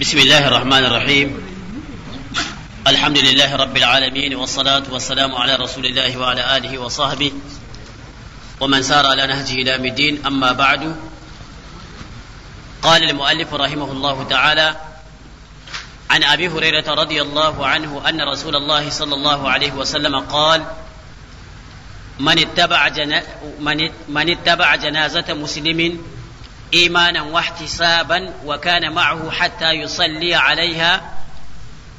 بسم الله الرحمن الرحيم الحمد لله رب العالمين والصلاة والسلام على رسول الله وعلى آله وصحبه ومن سار على نهجه إلى الدين أما بعد قال المؤلف رحمه الله تعالى عن أبي هريرة رضي الله عنه أن رسول الله صلى الله عليه وسلم قال من اتبع, جنا من اتبع جنازة مسلم ايمانا واحتسابا وكان معه حتى يصلي عليها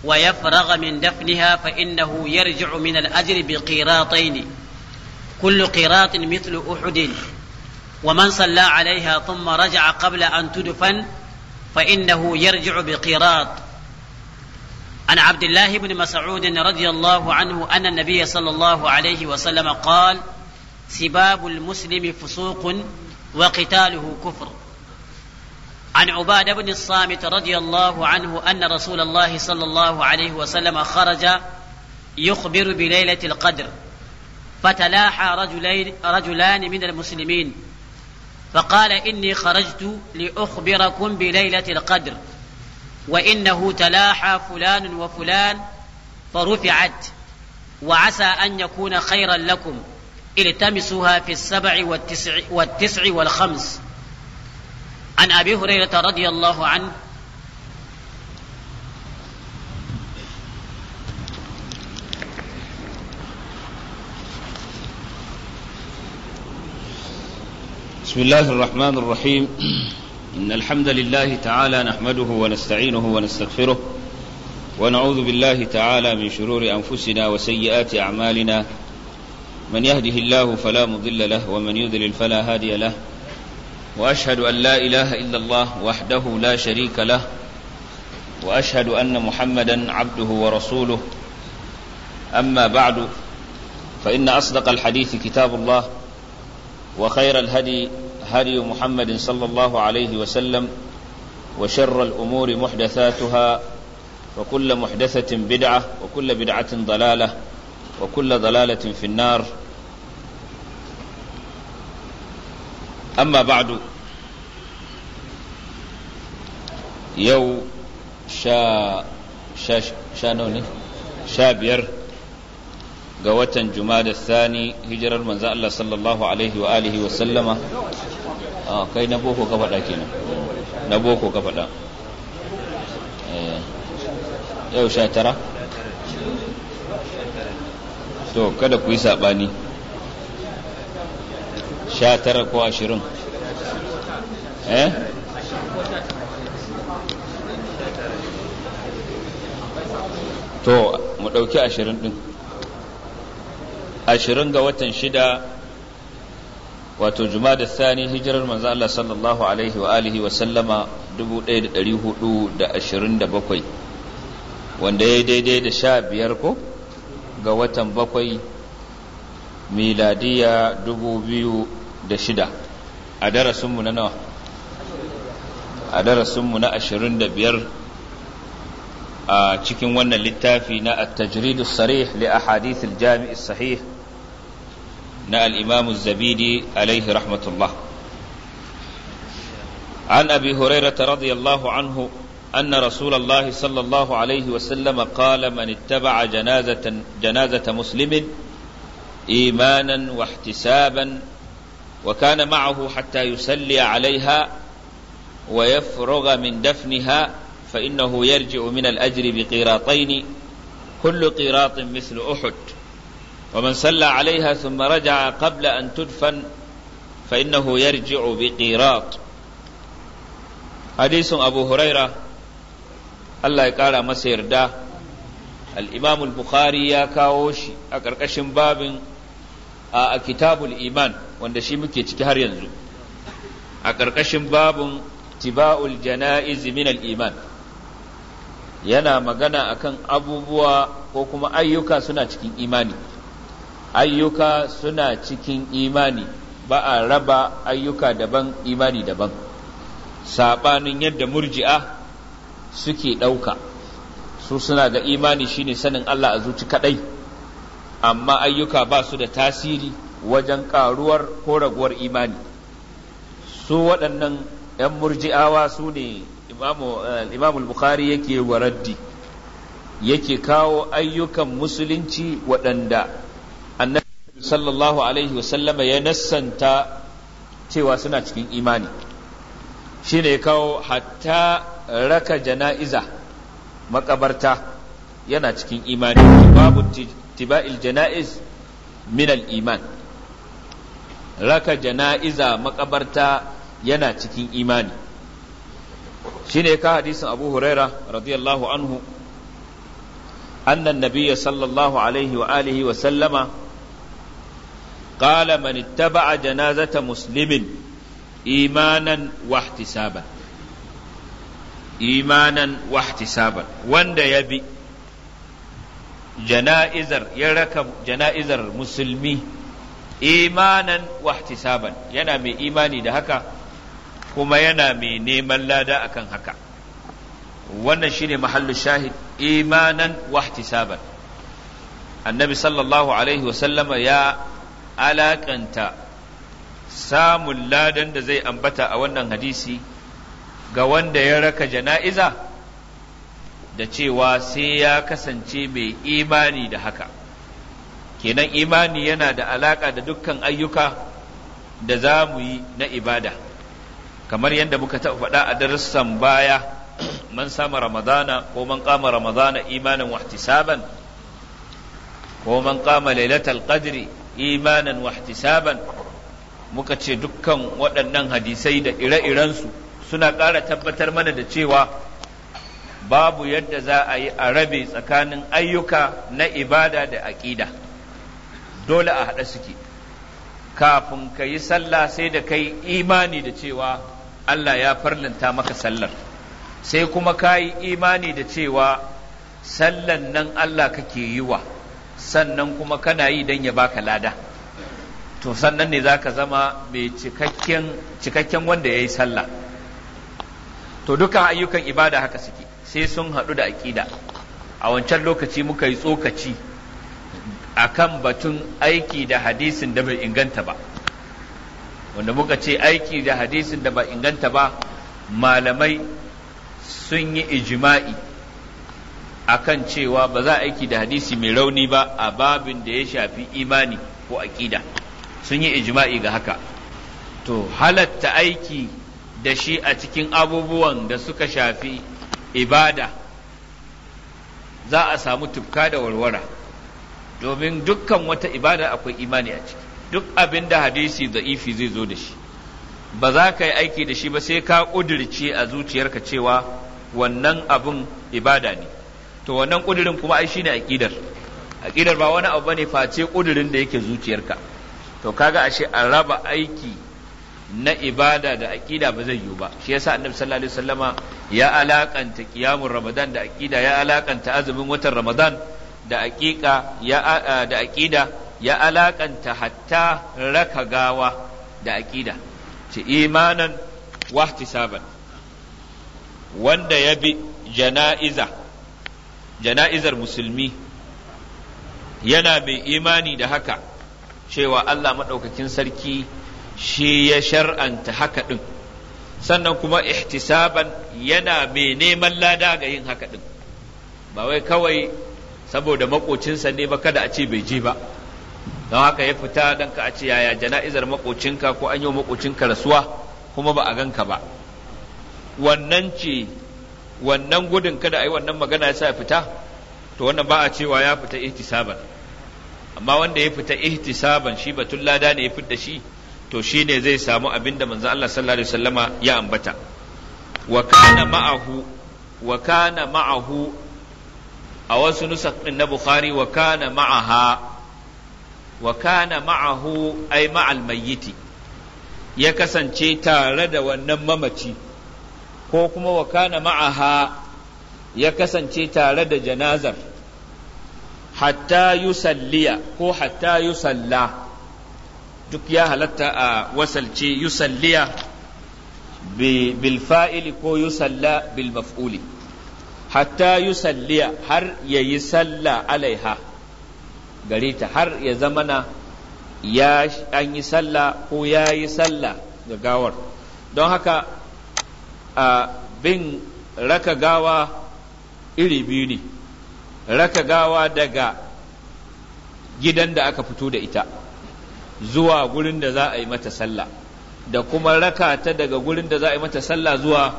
ويفرغ من دفنها فانه يرجع من الاجر بقيراطين كل قيراط مثل احد ومن صلى عليها ثم رجع قبل ان تدفن فانه يرجع بقيراط عن عبد الله بن مسعود رضي الله عنه ان النبي صلى الله عليه وسلم قال سباب المسلم فسوق وقتاله كفر عن عباده بن الصامت رضي الله عنه ان رسول الله صلى الله عليه وسلم خرج يخبر بليله القدر فتلاحى رجلين رجلان من المسلمين فقال اني خرجت لاخبركم بليله القدر وانه تلاحى فلان وفلان فرفعت وعسى ان يكون خيرا لكم التمسوها في السبع والتسع, والتسع والخمس عن أبي هريرة رضي الله عنه بسم الله الرحمن الرحيم إن الحمد لله تعالى نحمده ونستعينه ونستغفره ونعوذ بالله تعالى من شرور أنفسنا وسيئات أعمالنا من يهده الله فلا مضل له ومن يضلل فلا هادي له واشهد ان لا اله الا الله وحده لا شريك له واشهد ان محمدا عبده ورسوله اما بعد فان اصدق الحديث كتاب الله وخير الهدي هدي محمد صلى الله عليه وسلم وشر الامور محدثاتها وكل محدثه بدعه وكل بدعه ضلاله وكل ضلالة في النار أما بعد يو شا شا شا نوني شا بير قوة جماد الثاني هجر المنزاء الله صلى الله عليه وآله وسلم آه كي نبوكو كفتا كينا نبوكو كفتا يو شا ترى to kada ku yi saɓani sha tara ko ashirin eh to mu ɗauki ashirin ɗin ashirin ga watan shida wato juma da sani hijirar manzo Allah sallallahu alaihi wa alihi wa sallama 1427 wanda ya daidai da sha biyar ko ga watan bakwai miladiya dubu biyu da shida a darasinmu na nawa a darasinmu na ashirin da biyar a cikin wannan littafi na at-tajridu sarih li ahadith al-jami' sahih na al-imam az-zabidi alayhi rahmatullah an abi hurairah radiyallahu anhu أن رسول الله صلى الله عليه وسلم قال من اتبع جنازة, جنازة مسلم إيمانا واحتسابا وكان معه حتى يسلي عليها ويفرغ من دفنها فإنه يرجع من الأجر بقيراطين كل قيراط مثل أحد ومن صلى عليها ثم رجع قبل أن تدفن فإنه يرجع بقيراط حديث أبو هريرة Allah ya ƙara masa yarda al-imam al-bukhari ya kawo shi a ƙarƙashin babin a kitabul iman wanda shi muke ciki har yanzu a ƙarƙashin babin tiba'ul jana'iz min al-iman yana magana akan abubuwa ko kuma ayyuka suna cikin imani ayyuka suna cikin imani ba a raba ayyuka daban imani daban saɓanin yadda murji'a suke ɗauka su suna da imani shine sanin Allah a zuci kaɗai amma ayyuka ba su da tasiri wajen ƙaruwar ko raguwar imani su waɗannan 'yan murji'awa su ne eh, imamul bukhari yake waraddi yake kawo ayyukan musulunci waɗanda annabi sallallahu alaihi wasallama ya nassanta cewa suna cikin imani shine ya kawo hatta raka jana'iza makabarta yana cikin imani babu tiba'il jana'iz min iman raka jana'iza makabarta yana cikin imani shine ka hadisin Abu Huraira radiyallahu anhu أن النبي صلى wa عليه وآله وسلم قال من اتبع جنازة مسلم إيمانا واحتسابا imanan wahtisaban wanda ya bi jana'izar ya raka jana'izar musulmi imanan wahtisaban yana mai imani da haka kuma yana mai neman lada akan haka wannan shine mahallu shahid imanan wahtisaban annabi sallallahu alaihi wasallama ya alakanta samun ladan da zai ambata a wannan hadisi ga wanda ya raka jana'iza da cewa sai ya kasance mai imani da haka kenan imani yana da alaƙa da dukkan ayyuka da za mu yi na ibada kamar yadda muka taɓa faɗa a darussan baya man sama ramadana ko man kama ramadana imanin wahtisaban ko man kama lailatul qadri imanan wahtisaban muka ce dukkan waɗannan hadisai da ire-irensu suna ƙara tabbatar mana da cewa babu yadda za a yi a rabe tsakanin ayyuka na ibada da aƙida dole a haɗa suke kafin ka yi sallah sai da kai imani da cewa Allah ya farlanta maka sallar sai kuma ka yi imani da cewa sallan nan Allah kake yi wa sannan kuma kana yi don ya baka lada to sannan ne za ka zama mai cikakken wanda ya yi sallah to dukkan ayyukan ibada haka suke sai sun haɗu da aƙida a wancan lokaci muka yi tsokaci a kan batun aiki da hadisin da bai inganta ba wanda muka ce aiki da hadisin da bai inganta ba malamai sun yi ijima'i kan cewa ba za aiki da hadisi mai rauni ba a babin da ya shafi imani ko aƙida sun yi ijima'i ga haka to halatta aiki da shi a cikin abubuwan da suka shafi ibada za a samu tufka da warwara domin dukkan wata ibada akwai imani a ciki duk abin da hadisi da ifi zai zo da shi ba za ka yi aiki da shi ba sai ka ƙudirce a zuciyarka cewa wannan abin ibada ne to wannan ƙudirin kuma ai shi ne aƙidar aƙidar ba wani abu bane face ƙudirin da yake zuciyarka to kaga ashe a raba aiki na ibada da aƙida ba zai yiwu ba shi yasa annabi sallallahu alaihi wasallama ya alakanta qiyamul ramadan da aƙida ya alakanta azumin watan ramadan da aqiqa ya da aqida ya alakanta hatta raka gawa da aƙida. ce imanan wahtisaban wanda ya bi jana'iza jana'izar musulmi yana mai imani da haka cewa Allah maɗaukakin sarki shi ya shar'anta haka ɗin sannan kuma ihtisaban yana mai neman lada ga yin haka ɗin ba wai kawai saboda makocinsa ne ba kada a ce bai je ba don haka ya fita don ka a ce yaya jana'izar makocinka ko an yi makocinka rasuwa kuma ba a ganka ba wannan ce wannan gudun kada a yi wannan magana ya sa ya fita to wannan ba a cewa ya fita ihtisaban amma wanda ya fita ihtisaban shi batun lada ne ya fita shi to shi ne zai samu abinda manzo Allah sallallahu alaihi wasallama ya ambata wa kana ma'ahu wa kana ma'ahu a wasu nusak na bukhari wa kana ma'aha wa kana ma'ahu ay ma'al mayyiti ya kasance tare da wannan mamaci ko kuma wa kana ma'aha ya kasance tare da janazar hatta yusalliya ko hatta yusalla duk ya halatta a wasalce yusalliya bil ko yusalla bil maf'uli hatta yusalliya har ya yi salla alaiha gare ta har ya zamana ya an yi salla ko ya yi salla ga gawar don haka a bin raka gawa iri biyu ne raka gawa daga gidan da aka fito da ita zuwa gurin da za a yi mata sallah da kuma raka ta daga gurin da za a yi mata sallah zuwa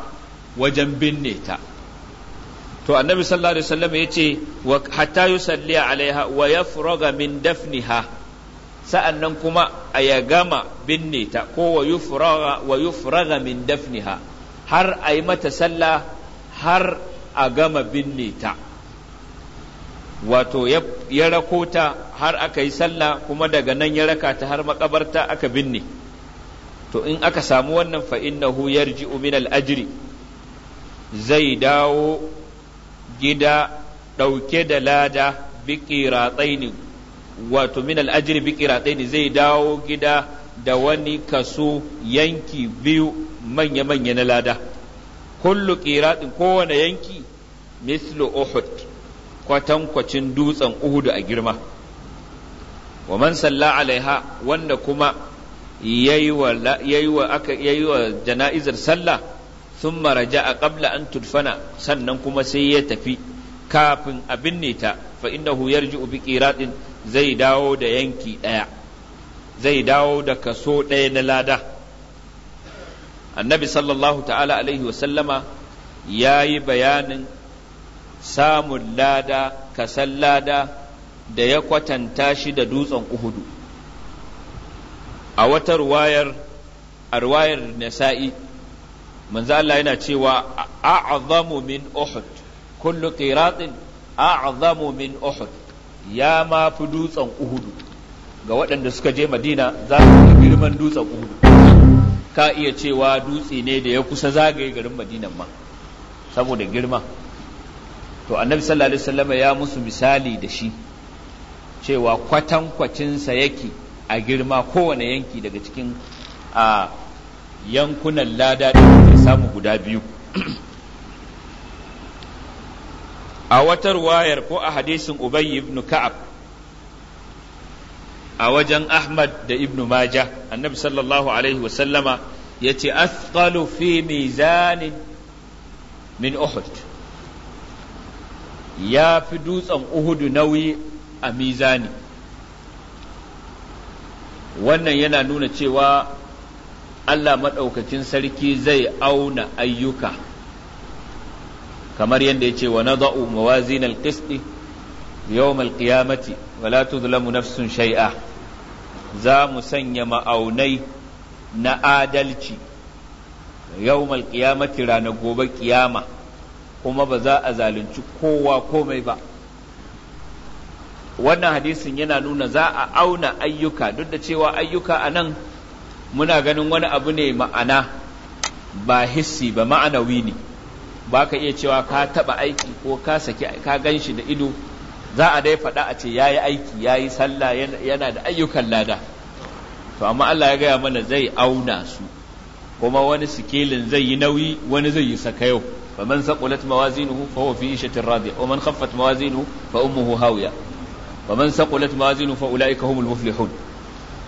wajen binne ta to annabi sallallahu alaihi wasallam ya ce, hatta yusalli alaiha wa yafraga min dafniha sa'annan kuma a ya gama binne ta ko wa yufraga wa yufraga min dafniha har a yi mata sallah har a gama binne ta wato ya rako har aka yi sallah kuma daga nan ya raka ta har makabarta aka binne to in aka samu wannan fa innahu yarji'u min al zai dawo gida ɗauke da lada biƙiratsaini wato min al'ajiri biƙiratsaini zai dawo gida da wani kaso yanki biyu manya-manya na lada kullu ƙiratin kowane yanki mislu uhud kwatankwacin dutsen uhudu a girma wa man salla alaiha wanda kuma yayi aka yayi wa jana'izar sallah sun maraja a qabla an turfana sannan kuma sai ya tafi kafin a binne ta fa huyar yarji'u bi zai dawo da yanki ɗaya zai dawo da kaso ɗaya na lada annabi sallallahu ta'ala alaihi wa sallama yayi bayanin samun lada kasan lada da ya kwatanta shi da dutsen uhudu a wata ruwayar a ruwayar nasa'i manzo Allah yana cewa a'zamu min uhud kullu qiratin a'zamu min uhud ya ma fi dutsen uhudu ga waɗanda suka je madina za su ga girman dutsen uhudu ka iya cewa dutse ne da ya kusa zagaye garin madinan ma saboda girma to annabi sallallahu alaihi wasallam ya musu misali da shi cewa kwatankwacinsa yake a girma kowane yanki daga cikin a yankunan lada da ke samu guda biyu a watar wayar ko a hadisin ubay ibn ka'ab a wajen ahmad da Ibnu Maja annabi sallallahu alaihi wasallama ya ce athqalu fi mizanin min uhud ya fi dutsen uhudu nauyi a mizani wannan yana nuna cewa Allah maɗaukacin sarki zai auna ayyuka kamar yadda ya ce wa nada'u mawazin alƙisɗi yawm alƙiyamati wa la tuzlamu nafsun shai'a za mu sanya ma'aunai na adalci yawm alƙiyamati ranar gobe ƙiyama kuma ba za a zalunci kowa komai ba wannan hadisin yana nuna za a auna ayyuka duk da cewa ayyuka a nan muna ganin wani abu ne ma'ana ba hissi ba ma'anawi ne ba ka iya cewa ka taba aiki ko ka saki ka gan shi da ido za a dai faɗa a ce ya yi aiki ya yi sallah yana da ayyukan lada to amma Allah ya gaya mana zai auna su kuma wani sikelin zai yi nauyi wani zai yi saka yau. faman saqulat mawazinuhu fa huwa fi ishatin radiya wa man khaffat mawazinuhu fa ummuhu hawiya wa man saqulat mawazinuhu fa ulaika humul muflihun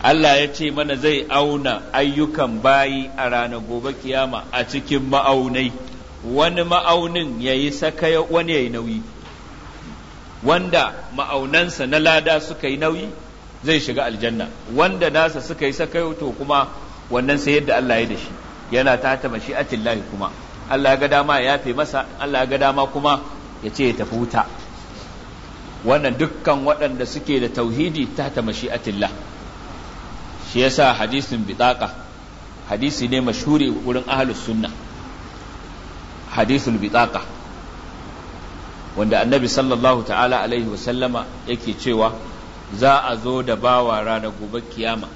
Allah ya ce mana zai auna ayyukan bayi a ranar gobe kiyama a cikin ma'aunai wani ma'aunin ya yi saka wani ya yi nauyi wanda ma'aunansa na lada suka yi nauyi zai shiga aljanna wanda nasa suka yi sakayo to kuma wannan sai yadda Allah ya da shi yana ta ta mashi kuma Allah ya ga dama ya yafe masa Allah ya ga dama kuma ya ce ya tafi wuta wannan dukkan waɗanda suke da tauhidi ta ta mashi'atillah shi yasa hadisin bitaka hadisi ne mashuri wurin ahlus sunna hadisul bitaka wanda annabi sallallahu ta'ala alaihi wasallama yake cewa za a zo da bawa ranar gobe kiyama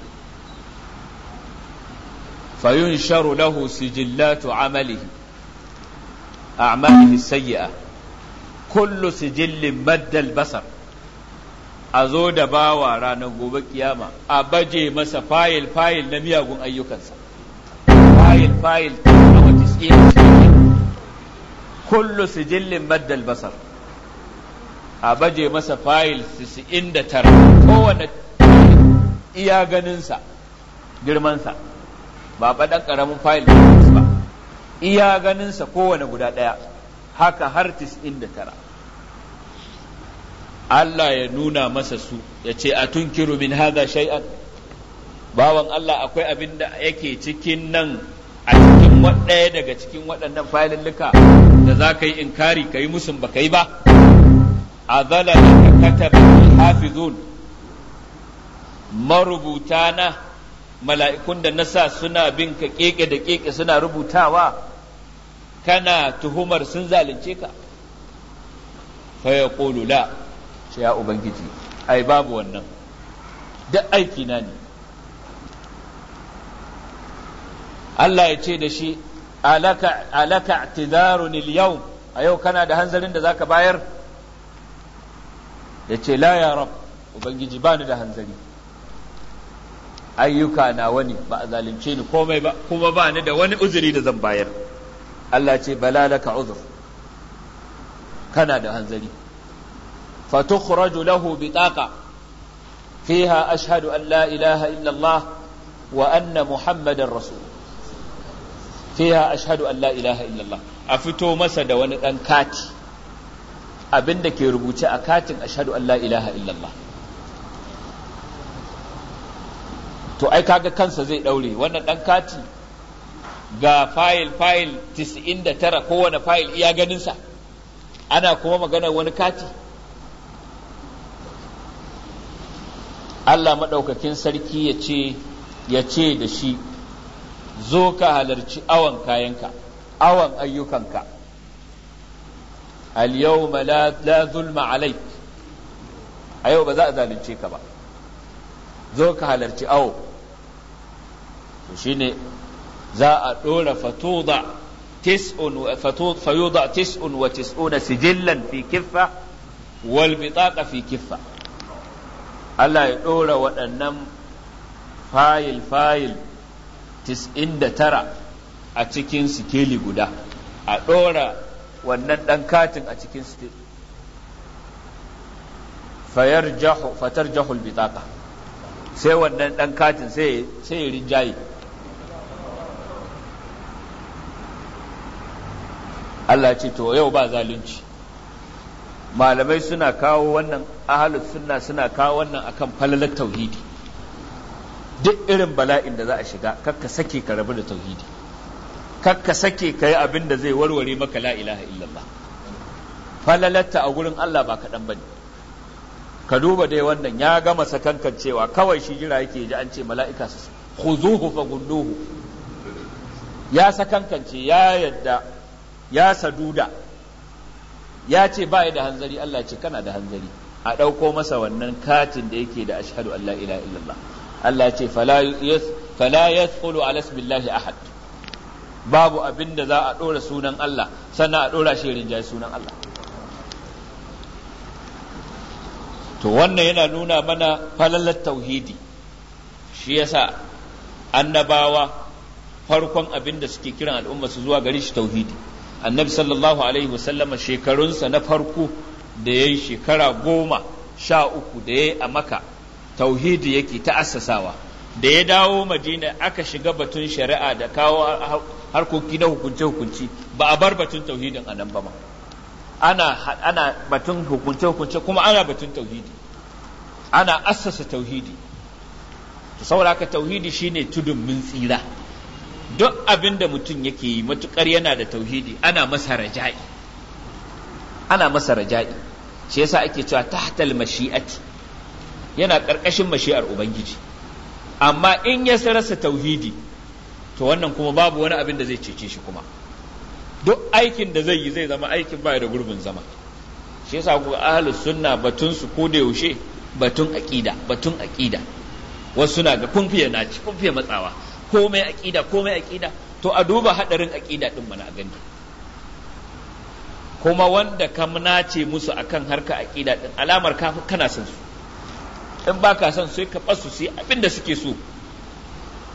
fayun sharu lahu sijillatu amalihi a'malihi sayyi'a kullu sijillin maddal basar a zo da bawa ranar gobe kiyama a baje masa fayil fayil na miyagun ayyukansa fayil fayil kullu sijillin maddal basar a baje masa fayil da 99 kowane iya ganinsa sa. ba dan ƙaramin fayil iya ganinsa kowane guda ɗaya haka har 99 Allah ya nuna masa su ya ce a tunkiru min haza shay'an bawan Allah akwai abin da yake cikin nan a cikin ɗaya daga cikin waɗannan fayilulluka da za ka yi inkari ka yi musun ba ka yi ba a zalala ka marubuta na mala'ikun da nasa suna bin ka keke da keke suna rubutawa kana tuhumar sun zalunce ka fa ya la shi ya ubangiji ai babu wannan duk aiki na ne Allah ya ce da shi alaka alaka i'tizarun yawm a yau kana da hanzarin da zaka bayar ya ce la ya rab ubangiji bani da hanzari ayyuka na wani ba a zalunce ni komai ba kuma ba ni da wani uzuri da zan bayar Allah ce bala laka uzur kana da hanzari fatukhraju lahu bitaqa fiha ashhadu an la ilaha illa Allah wa anna muhammadar rasul fiha ashhadu an la ilaha illa Allah a fito masa da wani dan kati abinda ke rubuce a katin ashhadu an la ilaha illa Allah to ai kaga kansa zai daure wannan dan kati ga fayil fayil 99 kowane fayil iya ganinsa ana kuma maganar wani kati Allah maɗaukakin sarki ya ce ya ce da shi zo ka halarci awon kayanka awon ayyukanka al-yawma la zulma alaik a yau ba za a zalunce ka ba zo ka halarci awo to shine za a ɗora fatuda fayuda tis'un wa tis'una sijillan fi kiffa wal bitaqa fi kiffa Allah ya ɗora waɗannan fayil fayil tis'in da tara a cikin sikeli guda a ɗora wannan ɗan katin a cikin sikeli fatar jahul bitaqa sai wannan ɗan katin sai ya rinjaye Allah ce to yau ba zalunci malamai suna kawo wannan ahalus sunna suna kawo wannan akan falalar tauhidi duk irin bala'in da za a shiga kakka sake ka rabu da tauhidi kakka sake ka yi abin da zai warware maka la ilaha illallah falalarta a gurin Allah ba kaɗan ba ne ka duba dai wannan ya gama sakankan cewa kawai shi jira yake ji an ce mala'ika su khuzuhu fa gunduhu ya sakankance ya yadda ya saduda ya ce ba da hanzari Allah ce kana da hanzari a ɗauko masa wannan katin da yake da ashhadu Allah ila, ilaha illallah Allah ce fala yadkhulu ala ismillahi ahad babu abin da za a ɗora sunan Allah sannan a ɗora shi rinjaye sunan Allah to wannan yana nuna mana falalar tauhidi shi yasa annabawa farkon abin da suke kiran al'umma su zuwa gari shi tauhidi annabi sallallahu alaihi wasallam shekarunsa na farko da ya yi shekara goma sha uku da ya yi a maka tauhidi yake ta assasawa da ya dawo madina aka shiga batun shari'a da kawo harkoki na hukunce-hukunci ba a bar batun tauhidin a nan ba ma ana, ana batun hukunce-hukunce kuma ana batun tauhidi ana assasa tauhidi saboda haka tauhidi shine tudun mun tsira duk abin da mutum yake yi matukar yana da tauhidi ana masa raja'i ana masa raja'i shi yasa ake cewa tahtal mashi'ati yana ƙarƙashin mashi'ar ubangiji amma in ya rasa tauhidi to wannan kuma babu wani abin da zai cece shi kuma duk aikin da zai yi zai zama aikin baya da gurbin zama shi yasa ku ahlus sunna batun su ko da yaushe batun aqida batun aqida wasu na ga kun fiye naci kun matsawa komai aqida komai aƙida, to a duba haɗarin aƙida ɗin mana a gani kuma wanda ka nace musu akan harka aƙida ɗin, alamar ka kana son su in ba ka son sai ka basu sai abin da suke so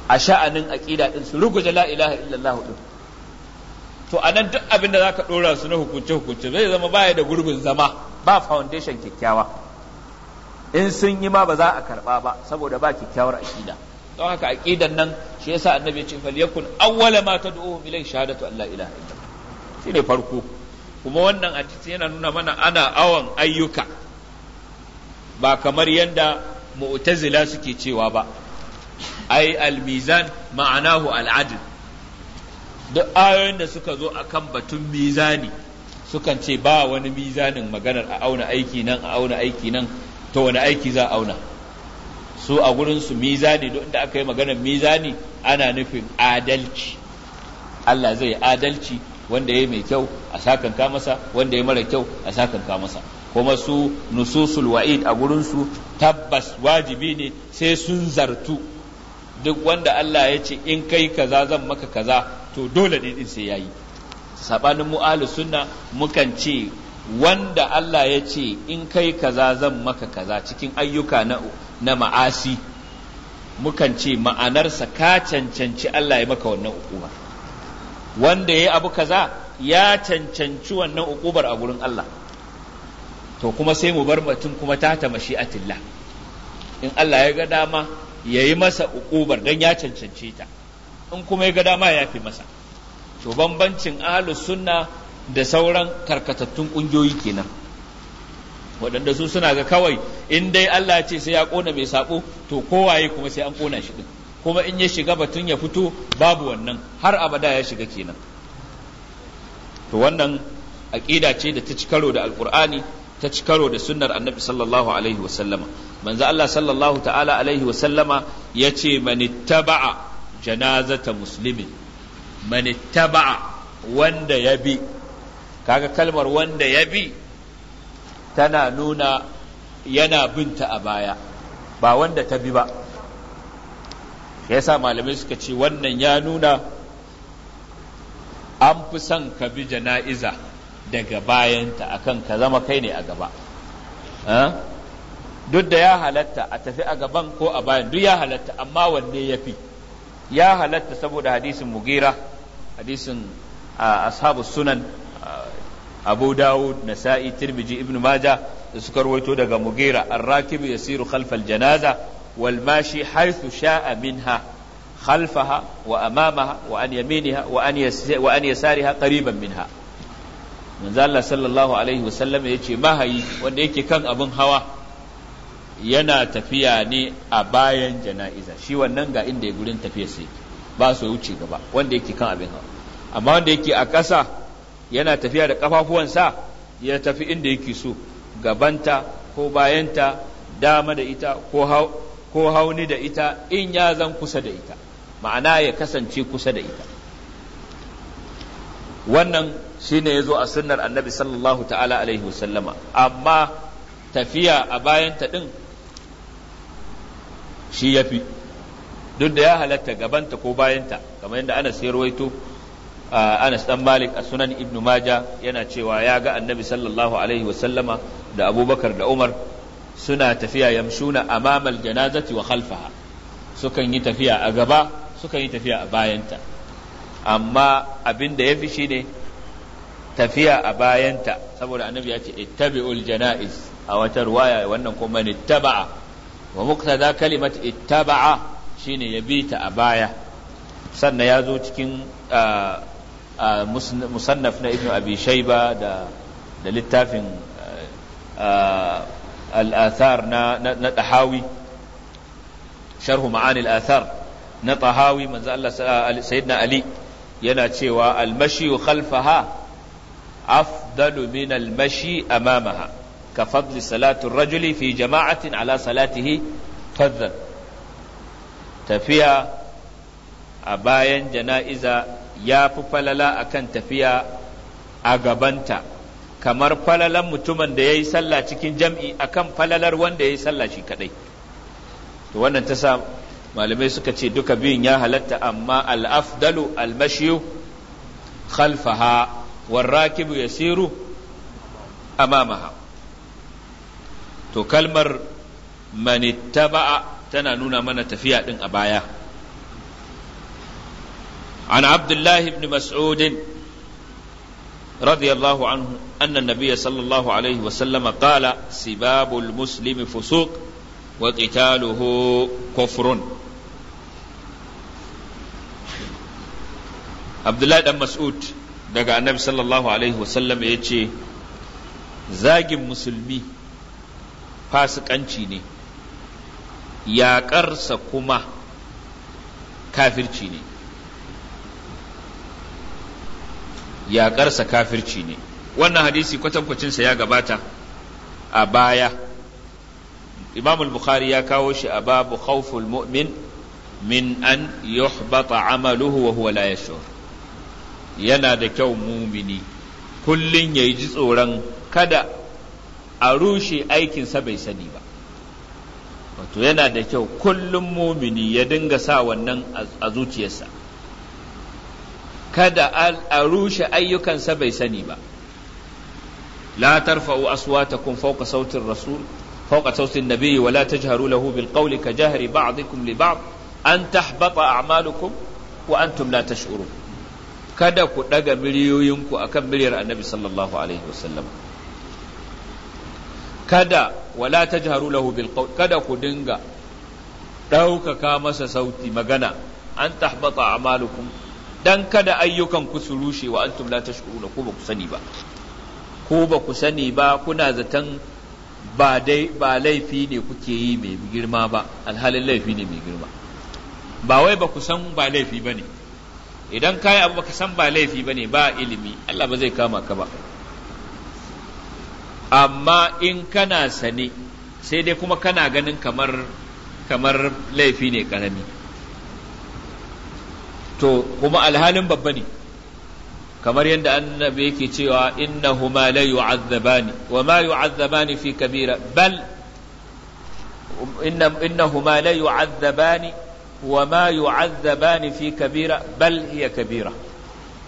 a sha'anin aƙida ɗin, su ruguje la ilaha illallah ɗin. to a nan duk abin da ka ɗora su na hukunce hukunce zai zama baya da gurbin zama ba foundation kyakkyawa in sun yi ma ba za a karɓa ba saboda ba kyakkyawar aƙida. don haka aqidan nan shi yasa annabi ya ce falyakun awwala ma tad'uhum ilay shahadatu an la ilaha illallah shine farko kuma wannan hadisi yana nuna mana ana awan ayyuka ba kamar yadda mu'tazila suke cewa ba ai al-mizan ma'anahu al duk ayoyin da suka zo akan batun mizani sukan ce ba wani mizanin maganar a auna aiki nan a auna aiki nan to wani aiki za a auna su a gurinsu mizani duk da aka yi maganar mizani ana nufin adalci Allah zai adalci wanda ya mai kyau a sakanka masa wanda ya mara kyau a sakanka masa kuma su nususul wa'id a gurinsu tabbas wajibi ne sai sun zartu duk wanda Allah ya ce in kai kaza zan maka kaza to dole ne din sai yayi sabanin mu sunna mukan ce wanda Allah ya ce in kai kaza zan maka kaza cikin ayyuka na, ma'asi mukan ce ma'anarsa ka cancanci Allah ya maka wannan hukuma wanda ya yi abu kaza ya cancanci wannan ukubar a gurin Allah to kuma sai mu bar mutum kuma ta a mashi'atillah in Allah ya ga dama ya yi masa ukubar don ya cancance ta in kuma ya ga dama ya fi masa to bambancin ahlus sunna da sauran karkatattun ƙungiyoyi kenan waɗanda su suna ga kawai in dai Allah ce sai ya ƙona mai saɓo to kowaye kuma sai an ƙona shi ɗin kuma in ya shiga batun ya fito babu wannan har abada ya shiga kenan to wannan aƙida ce da ta ci karo da alƙur'ani ta ci karo da sunnar annabi sallallahu alaihi wasallama manzo Allah sallallahu ta'ala alaihi wasallama ya ce ittaba'a janazata muslimin manittaba'a wanda ya bi kaga kalmar wanda ya bi tana nuna yana binta a baya ba wanda ta bi ba yasa malamai suka ce wannan ya nuna an fi son ka bi jana'iza daga bayanta akan ka zama kai ne a gaba duk da ya halatta a tafi a gaban ko a bayan duk ya halatta amma wanne ya fi ya halatta saboda hadisin mugira hadisin ashabu sunan abu dawud nasa'i tirmidhi ibn maja da suka rawaito daga mugira arrakibu yasiru khalfal janaza wal mashi haythu sha'a minha khalfaha wa amamaha wa an yaminiha wa an wa an yasariha qariban minha manzo Allah sallallahu alaihi wasallam yace mahayi wanda yake kan abin hawa yana tafiya ne a bayan jana'iza shi wannan ga inda ya gurin tafiyar sai ba su wuce gaba wanda kan abin hawa amma wanda yake a ƙasa yana tafiya da kafafuwansa ya tafi inda yake so gabanta ko bayanta dama da ita ko hauni da ita in ya zan kusa da ita ma'ana ya kasance kusa da ita wannan shi ne ya zo a sunnar annabi sallallahu ta'ala alaihi wasallama amma tafiya a bayanta ɗin shi ya fi duk da ya halatta gabanta ko bayanta kamar yadda ana sayar Anas dan Malik a sunan Ibn Majah yana cewa ya ga Annabi sallallahu alaihi wasallama da Abubakar da Umar suna tafiya yamshuna amamal janazati wa khalfaha sukan yi tafiya a gaba sukan yi tafiya a bayanta amma abin da yafi shine tafiya a bayanta saboda Annabi ya ce ittabi'ul janaiz a wata ruwaya wannan kuma ne taba'a wa muqtada kalimat ittaba'a shine ya bi ta a baya sannan ya zo cikin musannaf na ibn abi shaiba da littafin al'athar na ɗahawi sharhu ma'anil athar na ɗahawi manzo Allah sayyidina ali yana cewa almashi khalfaha afdalu min almashi amamaha ka fadli salatu rajuli fi jama'atin ala salatihi fadlan tafiya a bayan jana'iza ya fi falala kan tafiya a gabanta kamar falalan mutumin da ya yi sallah cikin jam'i akan falalar wanda ya yi sallah shi kadai to wannan ta sa malamai suka ce duka biyun ya halatta amma al'afdalu almashiyu khalfaha warrakibu yasiru amamaha to kalmar manittaba'a tana nuna mana tafiya din a baya عن عبد الله بن مسعود رضي الله عنه أن النبي صلى الله عليه وسلم قال سباب المسلم فسوق وقتاله كفر عبد الله بن مسعود daga annabi sallallahu alaihi wasallam ya ce zagin musulmi fasikanci ne yaƙarsa kuma kafirci ne yakarsa kafirci ne wannan hadisi kwatankwacinsa ya gabata a baya imam al-bukhari ya kawo shi a babu khawful mu'min min an yuhbata amaluhu wa huwa la yashur yana da kyau mumini kullun yayi ji tsoron kada a rushe aikinsa bai sani ba wato yana da kyau kullum mumini ya dinga sa wannan a zuciyarsa kada a rushe ayyukansa bai sani ba la tarfa'u aswatakum fawqa sautin rasul fawqa sautin nabiyyi wa la tajharu lahu bil qawli ka jahri ba'dikum li ba'd an tahbata a'malukum wa antum la tashuru. kada ku daga miliyoyinku akan miliyar annabi sallallahu alaihi wasallam kada wala tajharu lahu bil qawl kada ku dinga ɗaukaka masa sauti magana an tahbata a'malukum dan kada ayyukan ku su rushe wa antum la tashkuruna ko ba ku sani ba ko ba ku sani ba kuna zaton ba dai ba laifi ne kuke yi mai girma ba alhalin laifi ne mai girma ba wai ba ku san ba laifi ba ne idan ka yi abu ka san ba laifi ba ne ba ilimi Allah ba zai kama ka ba amma in kana sane sai dai kuma kana ganin kamar kamar laifi ne karami to kuma alhalin babba ne kamar yadda annabi yake cewa innahuma la yu'azzabani wa ma yu'azzabani fi kabira bal innahuma la yu'azzabani wa ma yu'azzabani fi kabira bal hiya kabira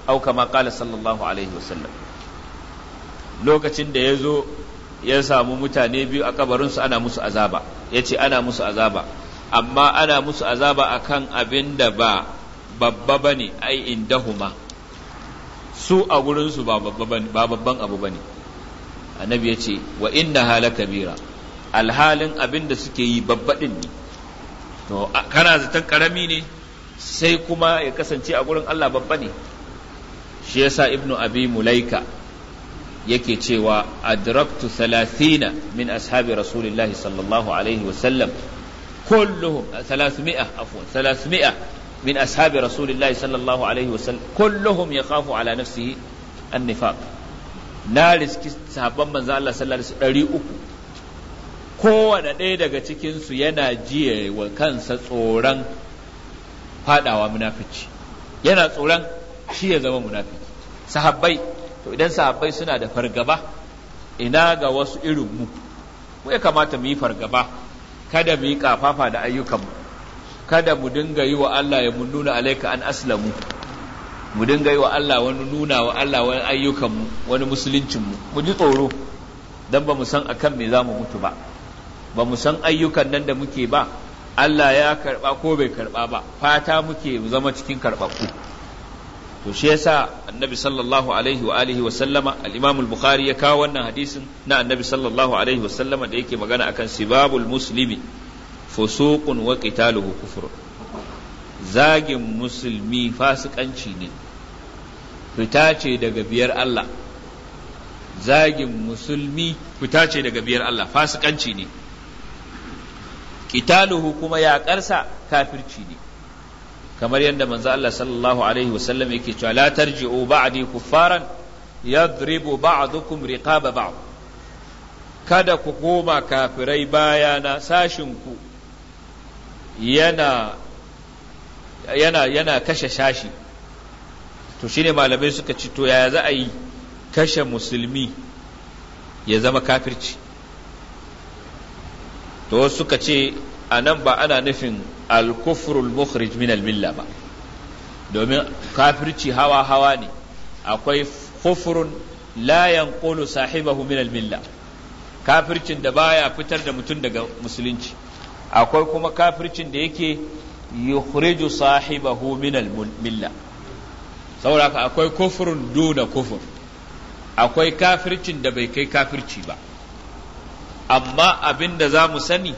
aw kama qala sallallahu alaihi wasallam lokacin da yazo ya samu mutane biyu a kabarinsu ana musu azaba yace ana musu azaba amma ana musu azaba akan abin da ba babba ba ne, ai indahuma su a gurinsu ba babban abu ba ne. annabi ya ce wa inna hala kabira alhalin abin da suke yi babbaɗin ne to kana zaton karami ne sai kuma ya kasance a gurin Allah babba ne shi ya sa ibnu abi mulaika yake cewa adraktu 30 min ashabi rasulillahi sallallahu alaihi wasallam kulluhum 300 afwan 300 min ashabi rasulillahi sallallahu alaihi wasallam kulluhum yakhafu ala nafsihi an na riski sahabban manzo Allah sallallahu alaihi wasallam 300 kowane ɗaya daga cikin su yana jiye wa kansa tsoron fadawa munafici yana tsoron shi ya zama munafiki sahabbai to idan sahabbai suna da fargaba ina ga wasu irin mu ya kamata mu yi fargaba kada mu yi kafafa da ayyukanmu kada mu dinga yi wa Allah ya mun nuna alaika an aslamu mu dinga yi wa Allah wani nuna wa Allah wani ayyukan wani musuluncin mu mu ji tsoro dan ba mu san akan me zamu mutu ba ba mu san ayyukan nan da muke ba Allah ya karba ko bai karba ba fata muke mu zama cikin karbabku to shi yasa annabi sallallahu alaihi wa alihi wa sallama al-imam al-bukhari ya kawo wannan hadisin na annabi sallallahu alaihi wa sallama da yake magana akan sibabul muslimi fusuqun wa qitaluhu zagin musulmi fasikanci ne fita ce daga biyar Allah zagin musulmi fita ce daga biyar Allah fasikanci ne qitaluhu kuma ne kamar yadda manzo Allah sallallahu alaihi wasallam yake cewa la tarji'u ba'di kuffaran yadribu ba'dukum riqaba ba'd kada ku koma kafirai bayana sashin ku yana yana yana kashe shashi to shine malamai suka ci to yaya za a yi kashe musulmi ya zama kafirci to suka ce a nan ba ana nufin alkufrul mukhrij min al-milla ba domin kafirci hawa hawa ne akwai kufrun la yanqulu sahibahu min al-milla kafircin da baya fitar da mutum daga musulunci akwai kuma kafircin da yake yukhriju sahibahu min al-milla saboda akwai kufrun duna kufur akwai kafircin da bai kai kafirci ba amma abin da za mu sani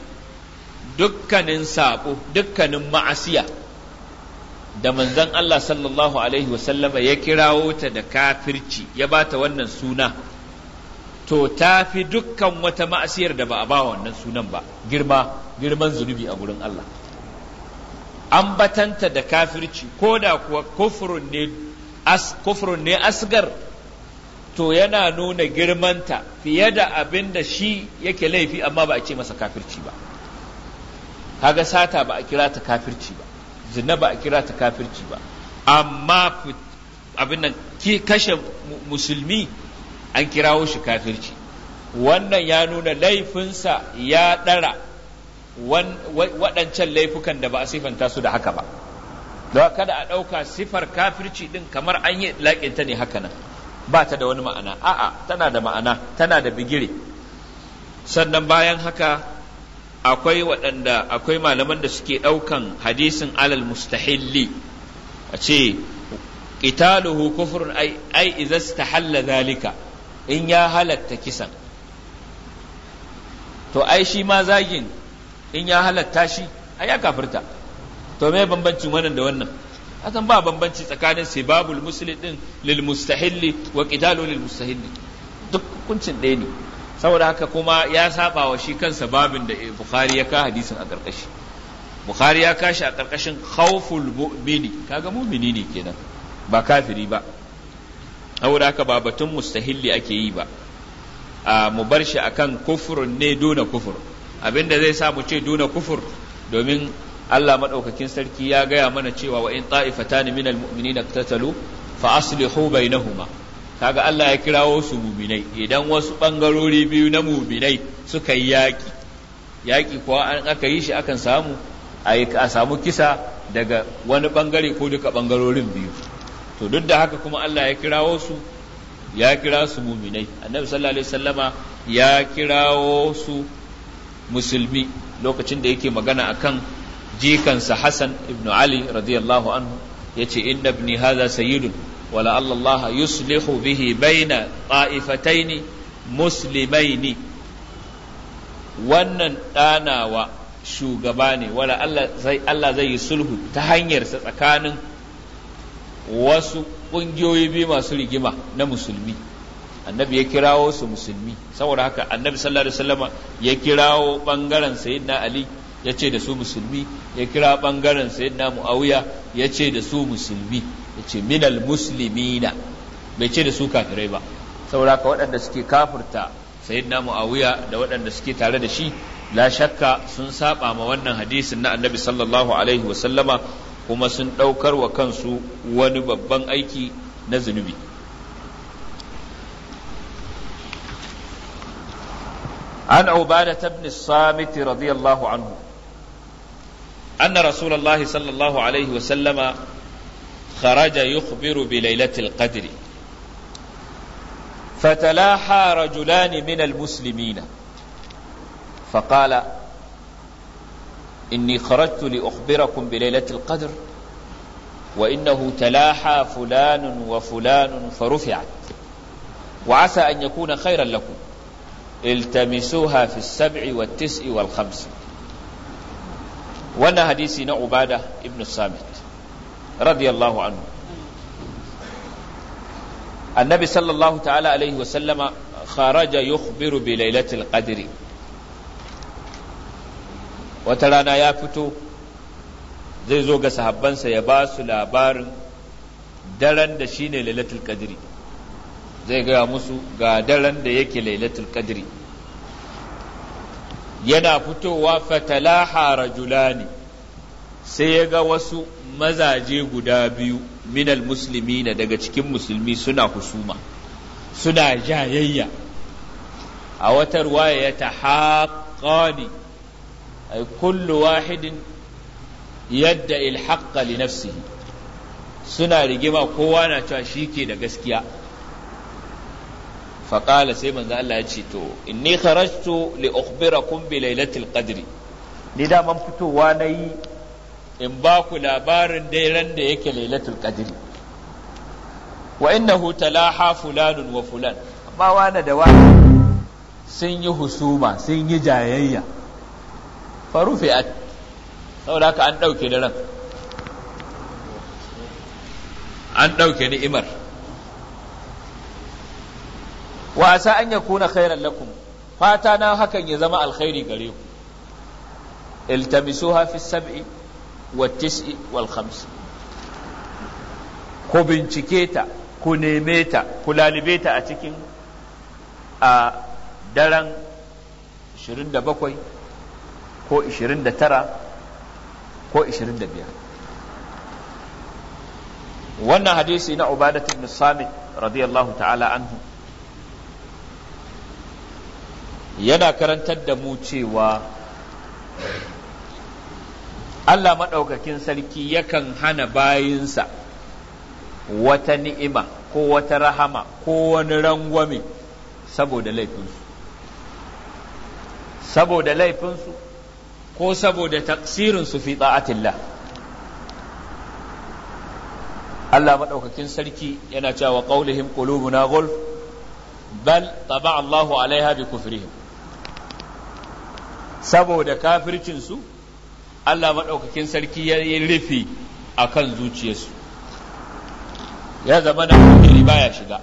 dukkanin saɓo dukkanin ma'asiya da manzan Allah sallallahu alaihi wasallama ya kirawo ta da kafirci ya ba ta wannan suna to ta fi dukkan wata ma'asiyar da ba a ba wannan sunan ba girma girman zunubi a gurin Allah an batanta da kafirci ko da kuwa kufurun ne asgar to yana nuna girmanta fiye da abin da shi yake laifi amma ba a ce masa kafirci ba kaga sata ba a kira ta kafirci ba zina ba a kira ta kafirci ba amma abin nan kashe musulmi an kirawo shi kafirci wannan ya nuna laifinsa ya ɗara waɗancan laifukan da ba a sifanta su da haka ba don kada a ɗauka sifar kafirci ɗin kamar an yi laƙinta ne haka nan ba ta da wani ma'ana a'a tana da ma'ana tana da bigire sannan bayan haka akwai waɗanda akwai malaman da suke ɗaukan hadisin alal mustahilli a ce qitaluhu kufrun ai halla zalika in ya halatta kisan to ai shi ma zagin in ya halatta shi ai ya kafirta to me bambancin wannan da wannan hasan ba bambanci tsakanin sibabul muslim din lil mustahilli wa qitalu lil mustahilli duk hukuncin ɗaya ne saboda haka kuma ya saba wa shi kansa babin da bukhari ya ka hadisin a karkashi bukhari ya kashi a karkashin khawful mu'mini kaga mu'mini ne kenan ba kafiri ba saboda haka ba batun mustahilli ake yi ba a mu bar shi akan kufurun ne dona kufurun abinda zai sa mu ce duna kufur domin Allah madaukakin sarki ya gaya mana cewa wa in ta'ifatan minal almu'minina iqtatalu fa aslihu bainahuma kaga Allah ya kirawo su mu'minai idan wasu bangarori biyu na mu'minai suka yi yaki yaki kuwa an aka yi shi akan samu a samu kisa daga wani bangare ko duka bangarorin biyu to duk da haka kuma Allah ya kirawo su ya kira su mu'minai annabi sallallahu alaihi wasallama ya kirawo su musulmi lokacin da yake magana akan jikansa Hassan ibn Ali radiyallahu anhu yace inna ibni hadha sayyidun wala Allah yuslihu bihi baina ta'ifataini muslimaini wannan ɗanawa shugaba ne wala Allah zai yi sulhu ta hanyarsa tsakanin wasu ƙungiyoyi biyu masu rigima na musulmi annabi ya kirawo su musulmi saboda haka annabi sallallahu alaihi wasallam ya kirawo bangaren sayyidina ali ya ce da su musulmi ya kira bangaren sayyidina muawiya ya ce da su musulmi ya ce minal muslimina bai ce da su kafirai ba saboda haka waɗanda suke kafirta sayyidina muawiya da waɗanda suke tare da shi la shakka sun saba ma wannan hadisin na annabi sallallahu alaihi wasallama kuma sun ɗaukar wa kansu wani babban aiki na zunubi عن عبادة بن الصامت رضي الله عنه أن رسول الله صلى الله عليه وسلم خرج يخبر بليلة القدر فتلاحى رجلان من المسلمين فقال إني خرجت لأخبركم بليلة القدر وإنه تلاحى فلان وفلان فرفعت وعسى أن يكون خيرا لكم iltamisuha hafi sab'i wa tis'i wal khamsi wannan hadisi na ubada ibn samit radiyallahu anhu annabi sallallahu ta'ala alaihi wa sallama kharaja yukhbiru bi lailatul qadri wata rana ya fito zai zo ga sahabbansa ya ba su labarin daren da shine lailatul qadri zai gaya musu ga daren da yake lailatul qadri yana fitowa fatalaha rajulani sai ya ga wasu mazaje guda biyu minal musulmi na daga cikin musulmi suna husuma suna jayayya a wata ruwaya ya ta haƙani kullu wahidin yadda ilhaƙa li nafsihi suna rigima kowa na cewa shi ke da gaskiya faƙala sai manzo Allah ya to inni kharajtu li ukhbirakum bi lailatul qadri ni da man fitowa nayi in ba ku labarin dairan da yake lailatul qadri wa innahu talaha fulanun wa fulan amma wani da wani sun yi husuma sun yi jayayya farufi'at saboda haka an ɗauke daren an ɗauke ni'imar wa asa an yakuna khairan lakum fata na hakan ya zama alkhairi gare ku iltamisuha fi sab'i wa tis'i wal khams ku bincike ta ku neme ta ku lalibe ta a cikin a daren 27 ko 29 ko 25 wannan hadisi na ubadat ibn samit radiyallahu ta'ala anhu yana karantar da mu cewa Allah maɗaukakin sarki yakan hana bayinsa wata ni'ima ko wata rahama ko wani rangwame saboda laifinsu saboda laifinsu ko saboda taksirinsu fi ta'atillah Allah maɗaukakin sarki yana cewa ƙaulihim na gulf bal taba Allahu alaiha bi kufrihim saboda kafircinsu Allah maɗaukakin sarki ya yi rufi a kan zuciyarsu ya zama na kafiri baya shiga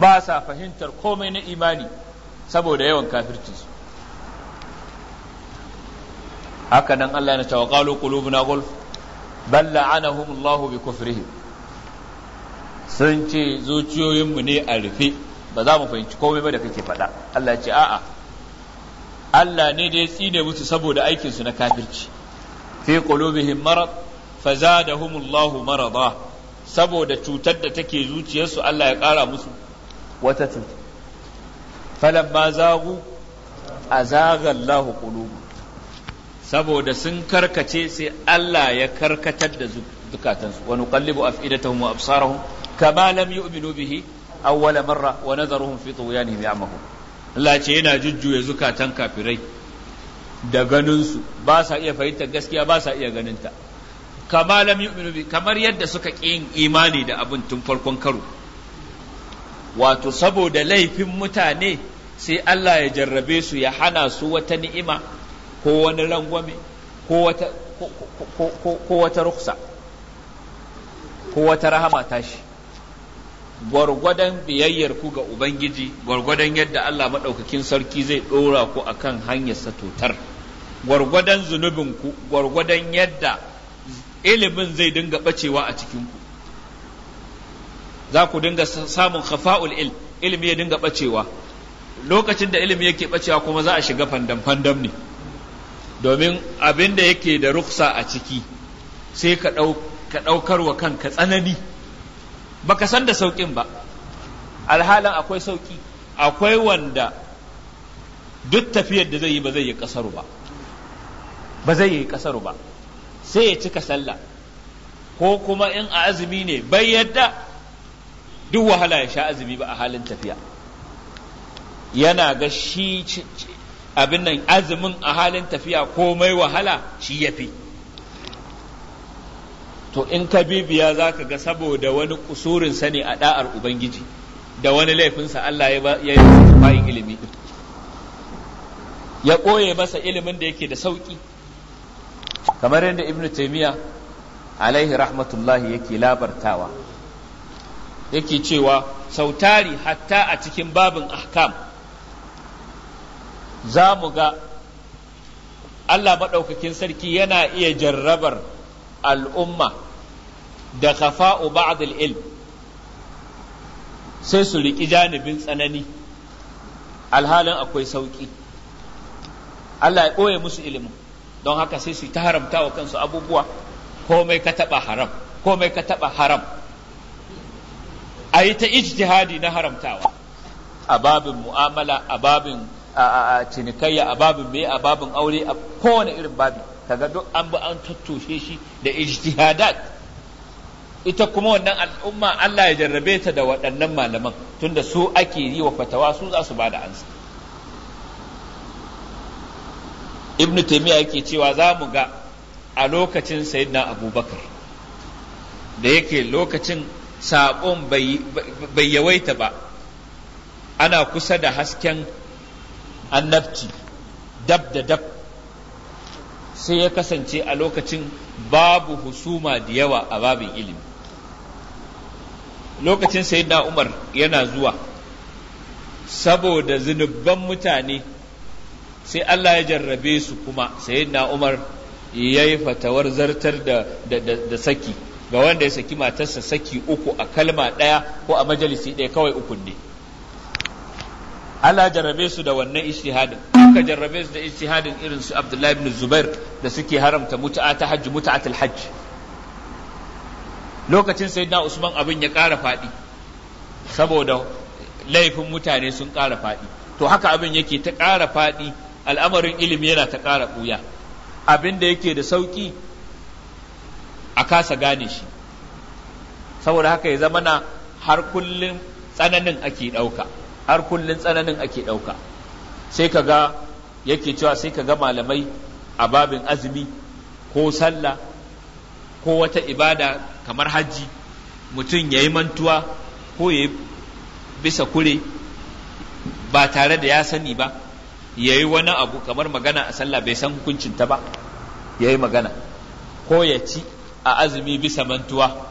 ba sa fahimtar komai na imani saboda yawan kafircinsu haka nan Allah na cewa qalu qulubuna gulf bal la'anahum Allah bi kufrihim sun ce zuciyoyinmu ne a rufe ba za mu fahimci komai ba da kake faɗa Allah ya ce a'a Allah ne da ya tsine musu saboda aikinsu na kafirci fi qulubihim marad fazadahumullahu marada saboda cutar da take zuciyarsu Allah ya kara musu wata cuta falamma zagu azaga Allahu qulubu saboda sun karkace sai Allah ya karkatar da zukatansu wa nuqallibu af'idatahum wa absarahum kama lam yu'minu bihi awwala marra wa nadharuhum fi tughyanihim ya'mahun Allah ce yana jujjuya zukatan kafirai da ganinsu ba sa iya fahimtar gaskiya ba sa iya ganinta yu'minu bi kamar yadda suka yin imani da abin tun farkon karo wato saboda laifin mutane sai Allah ya jarrabe su ya hana su wata ni'ima ko wani rangwame ko wata ko wata ruksa ko wata rahama tashi gwargwadon biyayyar ku ga ubangiji gwargwadon yadda Allah maɗaukakin sarki zai ɗora ku a kan hanyar satotar gwargwadon zunubinku, gwargwadon yadda ilimin zai dinga ɓacewa a cikinku, za ku dinga samun khafa'ul il ilimi ya dinga ɓacewa. lokacin da ilimi yake ɓacewa kuma za a shiga fandam-fandam ne domin abin da yake da ruksa a ciki sai ka ɗaukar wa kanka tsanani baka san da saukin ba alhalin akwai sauƙi. akwai wanda duk tafiyar da zai yi ba zai yi kasaru ba ba zai yi kasaru ba sai ya cika sallah ko kuma in a azumi ne bai yadda duk wahala ya sha azumi ba a halin tafiya yana ga shi abin nan azumin a halin tafiya komai wahala shi ya fi to in ka bibiya za ka ga saboda wani kusurin sani a da'ar ubangiji da wani laifinsa Allah ya yi masa fa'in ilimi ya ɓoye masa ilimin da yake da sauƙi kamar yadda ibnu taimiyya alaihi rahmatullahi yake labartawa yake cewa sautari hatta a cikin babin ahkam za mu ga Allah maɗaukakin sarki yana iya jarrabar al'umma da khafa'u ba'd al-ilm sai su riki janibin tsanani alhalin akwai sauki Allah ya ɓoye musu ilimin don haka sai su ta haramta wa kansu abubuwa komai ka taɓa haram komai ka haram a yi ta ijtihadi na haramtawa a babin mu'amala a babin cinikayya a babin mai a babin aure a kowane irin babi kaga duk an bi an tattoshe shi da ijtihadat ita kuma wannan al'umma Allah ya jarrabe ta da waɗannan malaman tunda su ake yi wa fatawa su za su ba da ansa ibnu taimiyya yake cewa za mu ga a lokacin sayyidina abubakar da yake lokacin saƙon bai yawaita ba ana kusa da hasken annabci dab da dab sai ya kasance a lokacin babu husuma da yawa a babin ilimi lokacin na umar yana zuwa saboda zunubban mutane sai Allah ya jarrabe su kuma na umar ya yi fatawar zartar da, da, saki ga wanda ya saki matarsa saki uku a kalma ɗaya ko a majalisi ɗaya kawai uku ne Allah jarrabe su da wannan ijtihadin suka jarrabe su da ijtihadin irin su Abdullahi ibn Zubair da suke haramta mutu'a ta hajji mut'atul hajji lokacin sayyidina usman abin ya ƙara faɗi saboda laifin mutane sun ƙara faɗi to haka abin yake ta ƙara faɗi al'amarin ilimi yana ta ƙara ɓuya abin da yake da sauƙi a kasa gane shi saboda haka ya zama na har kullum tsananin ake ɗauka har kullum tsananin ake ɗauka sai ka ga yake cewa sai ka ga malamai a babin azumi ko sallah ko wata ibada kamar hajji mutum ya yi mantuwa ko ya yi bisa kure ba tare da ya sani ba ya yi wani abu kamar magana a sallah bai san hukuncinta ba ya yi magana ko ya ci a azumi bisa mantuwa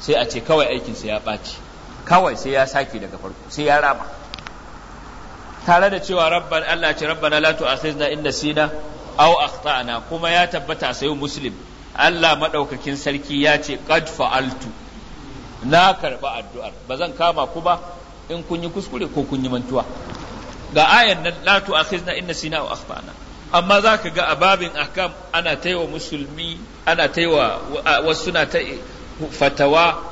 sai a ce kawai aikinsa ya ɓaci kawai sai ya sake daga farko sai ya rama tare da cewa rabban Allah ce rabbana la tu'akhizna in nasina aw akhtana kuma ya tabbata sai muslim Allah maɗaukakin sarki ya ce qad fa'altu na karɓa addu'ar ba zan kama ku ba in kun yi kuskure ko kun yi mantuwa ga ayan nan la tu'akhizna inna sina wa akhtana amma za ka ga a babin ahkam ana taiwa musulmi ana taiwa wasu suna ta fatawa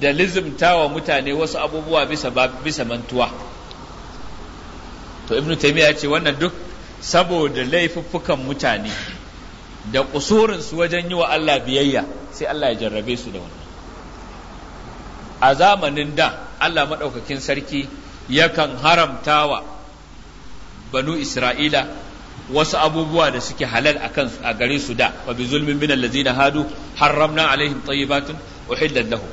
da lizimtawa mutane wasu abubuwa bisa bisa mantuwa to ibnu taymiya ya ce wannan duk saboda laifuffukan mutane da kusurinsu wajen yi wa Allah biyayya sai Allah ya jarrabe su da wannan a zamanin da Allah maɗaukakin sarki yakan haramta wa banu Isra'ila wasu abubuwa da suke halal akan a gare su da wa bi zulmin min allazina hadu haramna alaihim tayyibatin uhillat lahum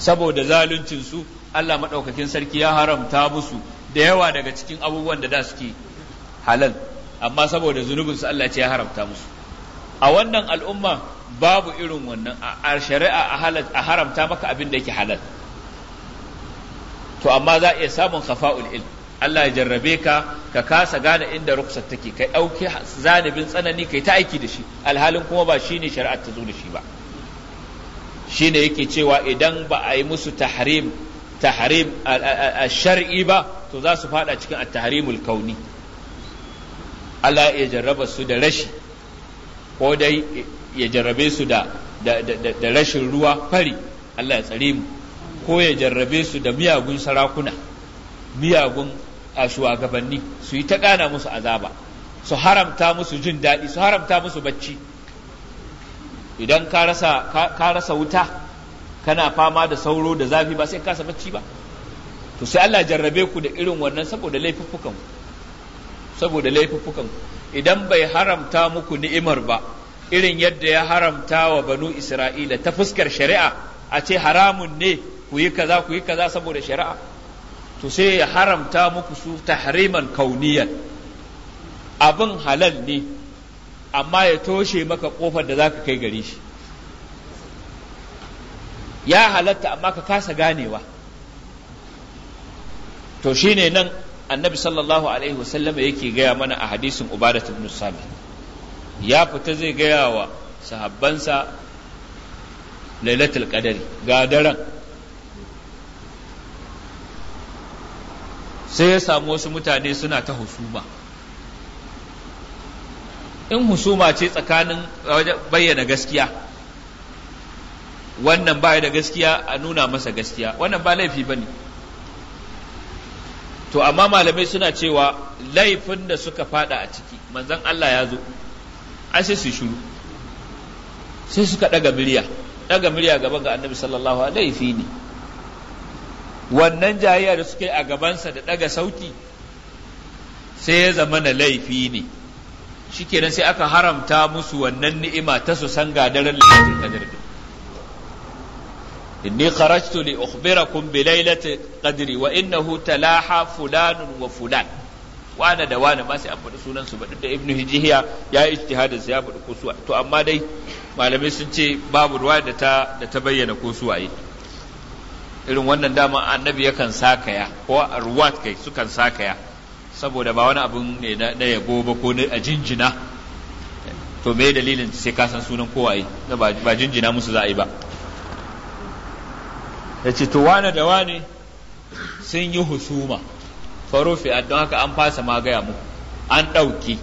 saboda zaluncin su Allah Madaukakin sarki ya haramta musu da yawa daga cikin abubuwan da da suke halal amma saboda zunubinsu Allah ce ya haramta musu a wannan al'umma babu irin wannan a shari'a a haramta maka abin da yake halal to amma za a iya samun khafa'ul il Allah ya jarrabe ka ka kasa gane inda ruksar take kai ɗauki zanibin tsanani kai ta aiki da shi alhalin kuma ba shine shari'ar ta zo da shi ba shine yake cewa idan ba a yi musu tahrim tahrim shar'i ba to za su fada cikin at-tahrimul kauni Allah ya jarraba su da rashi ko dai ya jarrabe su da da rashin ruwa fari Allah ya tsare mu ko ya jarrabe su da miyagun sarakuna miyagun a shugabanni su yi ta kana musu azaba su haramta musu jin daɗi su haramta musu bacci idan ka rasa wuta kana fama da sauro da zafi ba sai kasa bacci ba to sai Allah jarrabe ku da irin wannan saboda laifuffukan saboda laifuffukan idan bai haramta muku ni'imar ba irin yadda ya haramta wa banu isra'ila ta fuskar shari'a a ce haramun ne ku yi kaza ku yi kaza saboda shari'a to sai ya haramta muku su tahriman kauniyan abin halal ne amma ya toshe maka kofar da zaka kai gare shi ya halatta amma ka kasa ganewa to shine nan annabi sallallahu alaihi wasallam yake gaya mana a hadisin ubadat ibn sami ya fita zai gaya wa sahabbansa lailatul qadari ga daren sai ya samu wasu mutane suna ta husuma in husuma ce tsakanin bayyana gaskiya wannan ba da gaskiya a nuna masa gaskiya wannan ba laifi ba ne to amma malamai suna cewa laifin da suka fada a ciki manzon Allah ya zo ai sai su shiru sai suka daga murya daga murya gaba ga annabi sallallahu alaihi laifi ne wannan jayayya da suka yi a gabansa da daga sauti sai ya zama na laifi ne shikenan sai aka haramta musu wannan ni'ima ta su san gadaran lailatul qadr إني خرجت li بليلة قدري وإنه تلاحى فلان وفلان talaha دوانا ما fulan da wana ba sai an faɗi sunan ba duk da ibnu hijiya ya yi ijtihadin sa ya faɗi ko su to amma dai malamai sun ce babu ruwa da bayyana ko irin wannan dama annabi yakan sakaya ko ruwat kai sukan sakaya saboda ba wani abun ne na yabo ba ko na jinjina to me dalilin sai ka san sunan kowaye ba jinjina musu za a yi ba ya ce to wane da wane sun yi husuma farufi don haka an fasa ma gaya muku an ɗauki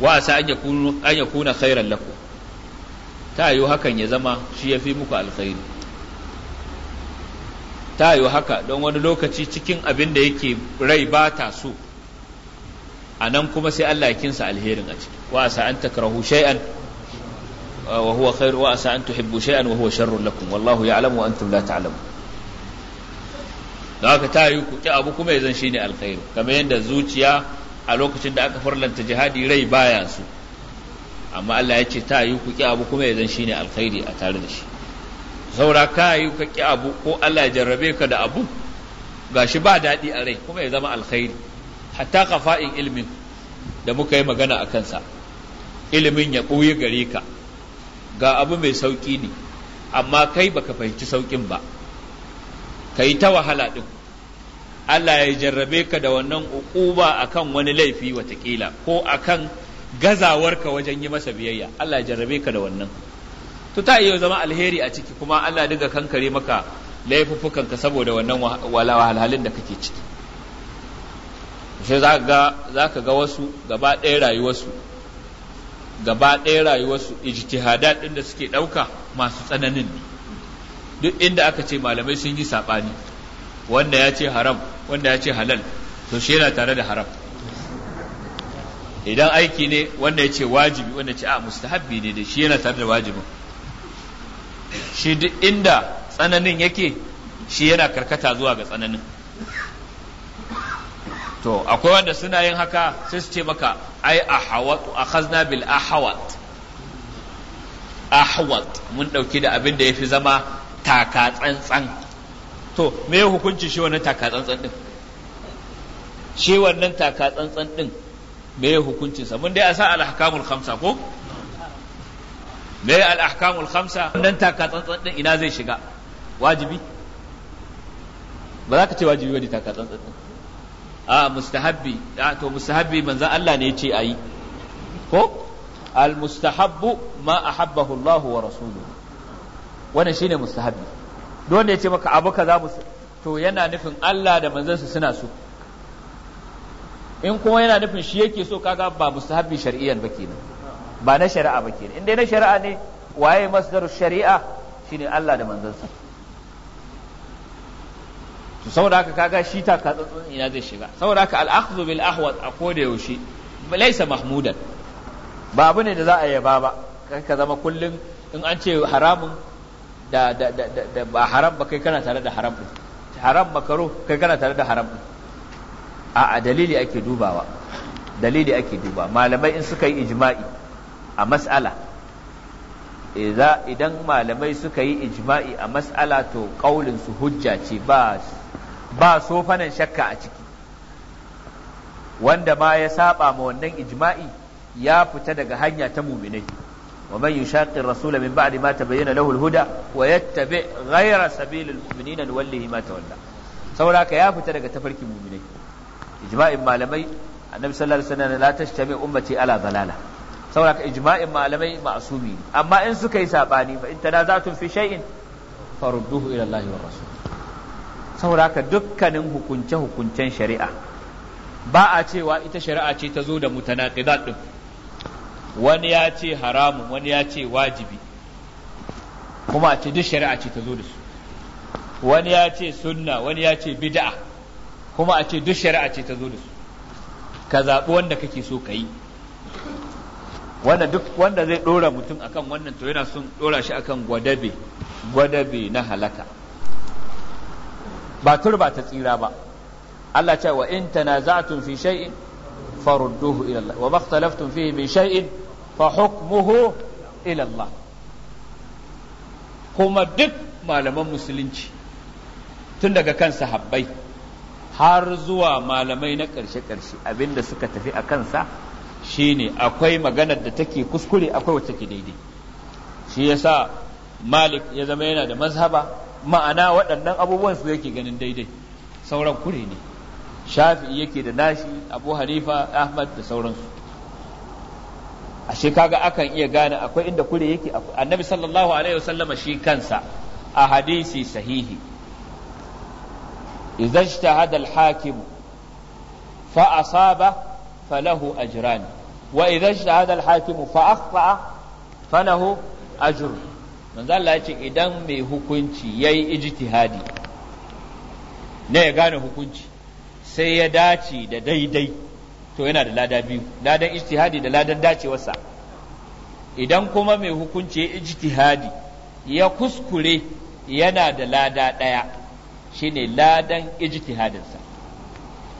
wasa an ya kuna khairan laku ta yi hakan ya zama shi ya fi muku alkhairi ta yi haka don wani lokaci cikin abin da yake rai ba ta so a nan kuma sai Allah ya kinsa alherin a ciki wasa an takarahu shay'an wa خير khairu wa asa an وهو شر لكم والله sharrun lakum wallahu تعلمون wa antum la da haka ta ku ki abu kuma yanzu shine alkhairu kamar yadda zuciya a lokacin da aka farlanta jihadi rai baya su amma Allah ya ce ta ku ki abu kuma yanzu shine alkhairi a tare da shi saura ka yi ka ki abu ko Allah ya jarrabe ka da abu gashi ba daɗi a rai kuma ya zama alkhairi hatta qafa'in ilmin da muka yi magana a kansa ilmin ya ɓoye gare ka ga abu mai sauƙi ne amma kai baka fahimci saukin ba kai ta wahala ɗin Allah ya jarrabe ka da wannan uquba akan wani laifi watakila ko akan gazawarka wajen yi masa biyayya Allah ya jarrabe ka da wannan to ta iya zama alheri a ciki kuma Allah diga kankare maka ka saboda wannan wahalhalin da kake ciki shi za ka ga wasu gaba ɗaya rayuwarsu gaba ɗaya rayuwarsu ijtihadat ɗin da suke ɗauka masu tsananin ne duk inda aka ce malamai sun yi saɓani wanda ya ce haram wanda ya ce halal to shi yana tare da haram idan aiki ne wanda ya ce wajibi wanda ya ce a mustahabbi ne da shi yana tare da wajibin shi duk inda tsananin yake shi yana karkata zuwa ga tsananin to akwai wanda suna yin haka sai su ce maka ai ahawat akhazna bil ahawat ahawat mun dauki da abin da yafi zama taka tsantsan to me ya hukunci shi wannan taka tsantsan din shi wannan taka tsantsan din me ya hukuncin sa mun dai a sa al ahkamul khamsa ko me al ahkamul khamsa wannan taka tsantsan din ina zai shiga wajibi ba za ka ce wajibi wani taka tsantsan din a mustahabbi a to mustahabbi manzan Allah ne ce ayi ko al mustahabbu ma ahabbahu Allah wa rasuluhu wannan shine mustahabbi don ne ya ce maka abu kaza to yana nufin Allah da manzansa suna so in kuma yana nufin shi yake so kaga ba mustahabbi shar'iyyan ba kenan ba na shari'a ba kenan in dai na shari'a ne waye masdarus shari'a shine Allah da manzansa to saboda haka kaga shi ta ka tsantsan ina zai shiga saboda haka al-akhdhu bil ahwat a koda yaushe laysa mahmudan ba abu ne da za a yaba ba ka zama kullum in an ce haramun da da ba haram ba kai kana tare da haram din haram makaro kai kana tare da haram din a a dalili ake dubawa dalili ake dubawa malamai in suka yi ijma'i a mas'ala idan malamai suka yi ijma'i a mas'ala to kaulin su hujja ce ba su. ba sofanan shakka a ciki wanda ma ya saba ma wannan ijma'i ya fita daga hanya ta muminai wa man yushaqi rasula min ba'di ma tabayyana lahu al-huda wa yattabi ghayra sabilil mu'minina nuwallihi ma tawalla saboda ya fita daga tafarkin muminai ijma'in malamai annabi sallallahu alaihi wasallam la tashtami ummati ala dalala saboda ijma'in malamai ma'sumi amma in suka yi sabani fa in tanaza'tum fi shay'in farudduhu ila Allah wa rasul saboda haka dukkanin hukunce hukuncen shari'a ba a cewa ita shari'a ce ta zo da mutanaqidat din wani ya ce haramun wani ya ce wajibi kuma a ce duk shari'a ce ta zo da su wani ya ce sunna wani ya ce bid'a kuma a ce duk shari'a ce ta zo da su ka zaɓi wanda kake so ka yi wanda duk wanda zai ɗora mutum akan wannan to yana son ɗora shi akan gwadabe gwadabe na halaka ba turba ta tsira ba Allah ce wa in tanaza'tum fi shay'in farudduhu ila Allah wa makhtalaftum fihi min shay'in fa hukmuhu ila Allah kuma duk malaman musulunci tun daga kan sahabbai har zuwa malamai na ƙarshe-ƙarshe abinda suka tafi a kansa shine akwai maganar da take kuskure akwai wacce ke daidai shi yasa malik ya zama yana da mazhaba ma'ana waɗannan abubuwan su yake ganin daidai sauran kure ne shafi'i yake da nashi abu hanifa ahmad da sauransu A kaga akan iya gane akwai inda kure yake annabi sallallahu alaihi wasallama shi kansa a hadisi sahihi idza ijtahada al-hakim fa asaba falahu ajran wa idza ijtahada al-hakim fa akhta falahu ajrun manzo Allah ya ce idan mai hukunci yayi ijtihadi ne ya gane hukunci sai ya dace da daidai to yana da lada biyu ladan ijtihadi da ladan dacewarsa idan kuma mai hukunci ya ijtihadi ya kuskure yana da lada ɗaya shine ladan ijtihadinsa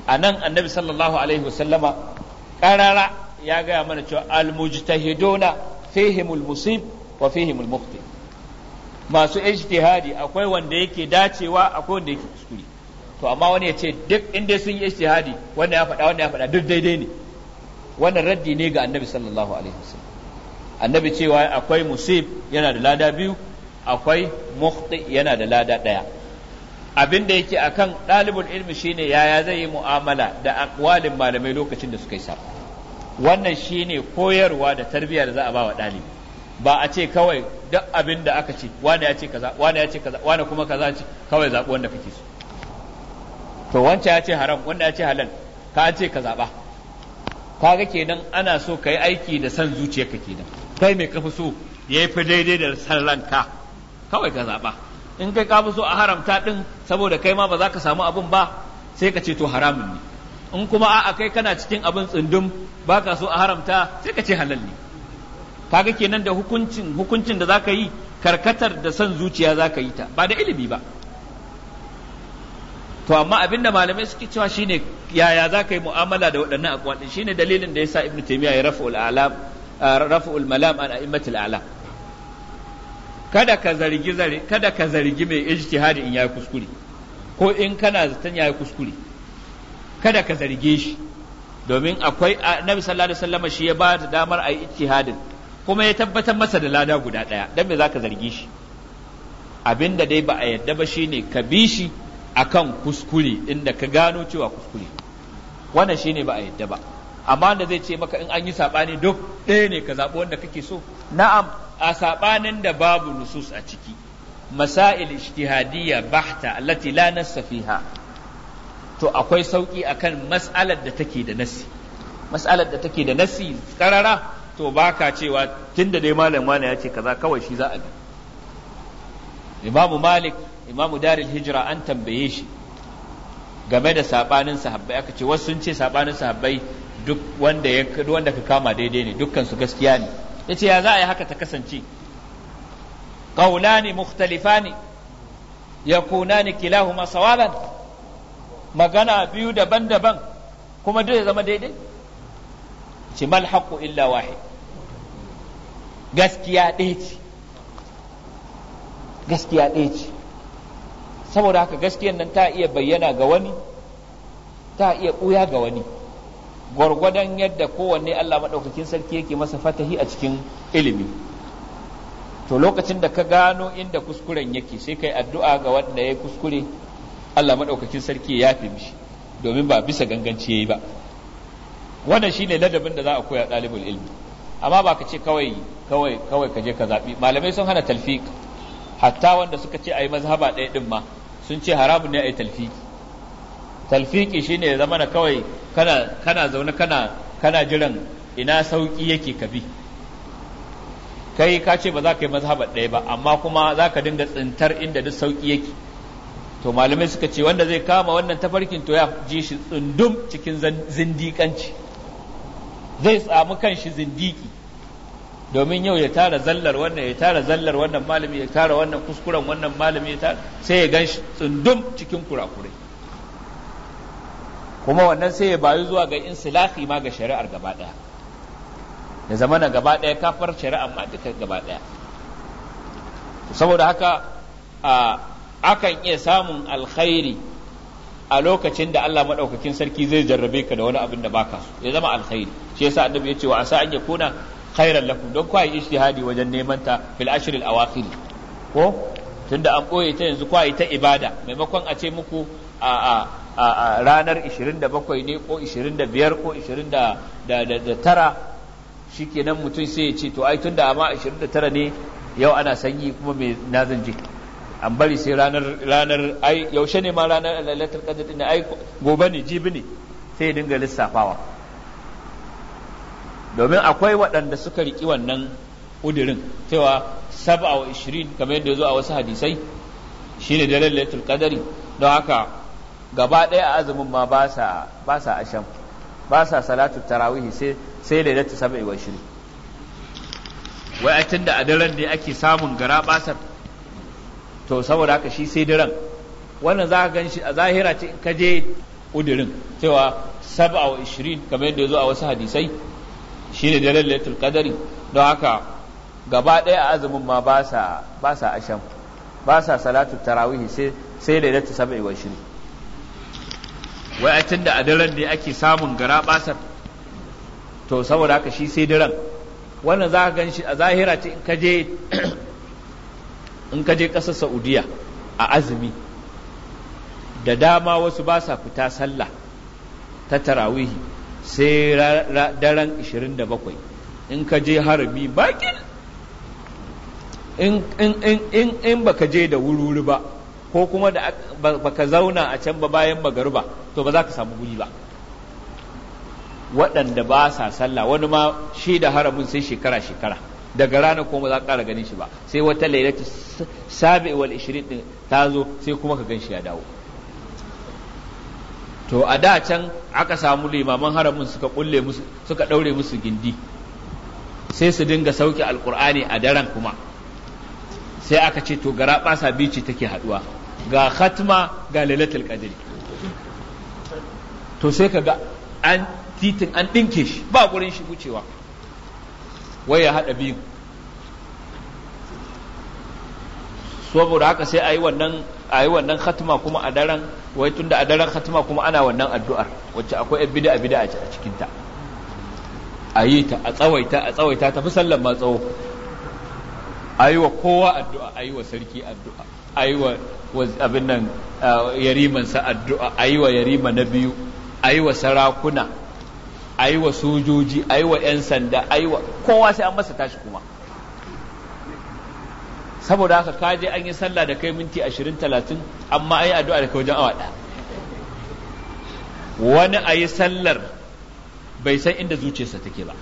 a nan annabi sallallahu alaihi wasallama ƙarara ya gaya mana cewa al-mujtahiduna fihimul musib wa fihimul mukhti masu ijtihadi akwai wanda yake dacewa akwai wanda yake kuskure to amma wani ya ce duk inda sun yi ijtihadi wanda ya faɗa wanda ya faɗa duk daidai ne wannan raddi ne ga annabi sallallahu alaihi wasallam annabi cewa akwai musib yana da lada biyu akwai mukhti yana da lada ɗaya abin da yake akan dalibul ilmi shine yaya zai yi mu'amala da aqwalin malamai lokacin da suka yi sa wannan shine koyarwa da tarbiyya da za a ba wa ɗalibi ba a ce kawai duk abin da aka ce wani ya ce kaza wani ya ce kaza wani kuma kaza ce kawai zaɓi wanda kake so to wancan ya ce haram wanda ya ce halal ka ce ka zaɓa Ka kaga kenan ana so ka yi aiki da san ka kenan kai mai kafi so ya fi daidai da san ranka kawai ka zaɓa in kai ka fi so a haramta ɗin saboda kai ma ba za ka samu abin ba sai ka ce to haramun ne in kuma a'a kai kana cikin abin tsundum ba ka so a haramta sai ka ce halal ne kaga kenan da hukuncin hukuncin da zaka yi karkatar da son zuciya zaka yi ta ba da ilimi ba to amma abin da malamai suke cewa shine yaya zaka yi mu'amala da waɗannan aqwal din shine dalilin da yasa ibnu taymiya ya ul alam ul malam an al alam kada ka zargi kada ka zargi mai ijtihadi in yayi kuskure ko in kana zaton yayi kuskure kada ka zarge shi domin akwai annabi sallallahu alaihi wasallam shi ya ba da damar a yi ijtihadin kuma ya tabbatar masa da lada guda ɗaya don me za ka zargi shi abinda dai ba a yadda ba shine ka bi shi akan kuskure inda ka gano cewa kuskure wannan shine ba a yadda ba amma da zai ce maka in an yi saɓani duk ɗaya ne ka zaɓi wanda kake so na'am a saɓanin da babu nusus a ciki masail ijtihadiyya bahta allati la nassa fiha to akwai sauki akan mas'alar da take da nassi mas'alar da take da nassi karara to baka cewa tunda dai malam wani ya ce kaza kawai shi za a bi imamu malik imamu daril hijira an tambaye shi game da sabanin sahabbai aka ce wasu sun ce sabanin sahabbai duk wanda ya wanda ka kama daidai ne dukkan su gaskiya ne yace ya za a yi haka ta kasance qawlani mukhtalifani yakunani kilahuma sawaban magana biyu daban-daban kuma duk ya zama daidai ce mal illa wahid gaskiya ɗaya ce gaskiya ɗaya ce saboda haka gaskiyan nan ta iya bayyana ga wani ta iya ɓuya ga wani gwargwadon yadda kowanne Allah maɗaukakin sarki yake masa fatahi a cikin ilimi to lokacin da ka gano inda kuskuren yake sai kai addu'a ga wanda ya kuskure Allah maɗaukakin sarki ya yafe mishi domin ba bisa ganganci ya yi ba wannan ne ladabin da za a koya ɗalibul ilmi amma ba ka ce kawai kawai kawai ka je ka zaɓi malamai sun hana talfiq hatta wanda suka ce ayi mazhaba ɗaya din ma sun ce haramun ne ai talfiqi talfiqi shine ya zama na kawai kana kana zaune kana kana jiran ina sauki yake ka bi kai ka ce ba za ka yi mazhaba ɗaya ba amma kuma za ka dinga tsintar inda duk sauki yake to malamai suka ce wanda zai kama wannan tafarkin to ya ji shi tsundum cikin zindikanci. zai samu kanshi zindiki domin yau ya tara zallar wannan ya tara zallar wannan malami ya tara wannan kuskuren wannan malami ya tara sai ya gan shi tsundum cikin kurakurai kuma wannan sai ya bayu zuwa ga insilahi ma ga shari'ar gaba daya ya zama na gaba daya kafar shari'ar ma duka gaba daya saboda haka akan iya samun alkhairi a lokacin da Allah maɗaukakin sarki zai jarrabe ka da wani abin da baka ya zama alkhairi shi yasa annabi ya ce wa asa an yakuna khairan lakum don ku yi ijtihadi wajen neman ta fil ashril awakhir ko tunda an boye ta yanzu ku ta ibada maimakon a ce muku a a a ranar 27 ne ko 25 ko 29 shikenan mutum sai ya ce to ai tunda amma 29 ne yau ana sanyi kuma me na zan je an bari sai ranar ranar ai yaushe ne ma ranar lailatul qadr din ai gobe ne jibi ne sai dinga lissafawa domin akwai waɗanda suka riki wannan udurin cewa sab'a wa ishirin kamar yadda zo a wasu hadisai shine da lailatul qadari don haka gaba ɗaya a azumin ma ba sa ba sa asham ba sa salatu tarawih sai sai lailatul sab'i wa wai a tunda a daren ne ake samun gara basar to saboda haka shi sai diran wannan za ka gan shi a zahira ce ka je udirin cewa sab'a wa ishirin kamar yadda ya zo a wasu hadisai shi ne daren lailatul qadari don haka gaba ɗaya a azumin ma ba sa ba sa asham ba sa salatu tarawih sai sai lailatul sab'i wa ishirin wai a tunda a daren ne ake samun gara basar to saboda haka shi sai daren wannan za ka gan shi a zahira ce ka je in ka je ƙasar saudiya a azumi da dama wasu ba sa fita sallah ta tarawihi sai daren 27 in ka je harami bakin in baka je da wuri ba ko kuma da baka zauna a can ba bayan magariba to ba za ka samu guri ba waɗanda ba sa sallah wani ma shi da haramin sai shekara-shekara daga ranar kuma za ka ƙara ganin shi ba sai wata lailatu sabi wal ishirin din ta zo sai kuma ka gan shi ya dawo to a da can aka samu limaman haramin suka kulle musu suka daure musu gindi sai su dinga sauke alkur'ani a daren kuma sai aka ce to gara ɓasa bici take haɗuwa ga khatma ga lailatul qadr to sai kaga an titin an dinke shi ba gurin shi wucewa wai ya haɗa biyu saboda haka sai a yi wannan a yi wannan khatma kuma a daren wai tunda a daren khatma kuma ana wannan addu'ar wacce akwai yan bid'a bid'a a cikin ta a yi ta a tsawaita a tsawaita tafi sallan ma tsawo a yi wa kowa addu'a a yi wa sarki addu'a a yi wa abin nan yarimansa addu'a a yi wa yarima na biyu a yi wa sarakuna a wa sojoji a wa 'yan sanda a wa kowa sai an masa tashi kuma saboda haka ka je an yi sallah da kai minti ashirin talatin amma ai yi addu'a da kai wajen awa ɗaya wani a yi sallar bai san inda zuciyarsa take ba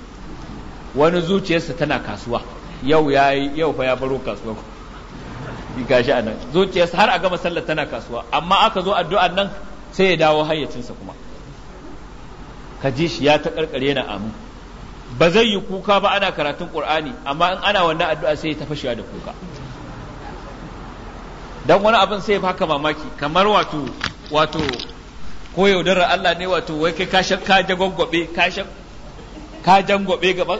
wani zuciyarsa tana kasuwa yau ya yi yau fa ya baro kasuwa gashi anan zuciyarsa har a gama sallar tana kasuwa amma aka zo addu'an nan sai ya dawo hayyacinsa kuma ka ji shi ya ta na amu ba zai yi kuka ba ana karatun qur'ani amma in ana wannan addu'a sai ta fashiya da kuka dan wani abin sai haka mamaki kamar wato wato ko yaudarar Allah ne wato wai kai ka ka jagwagwabe ka ka jangwabe gaban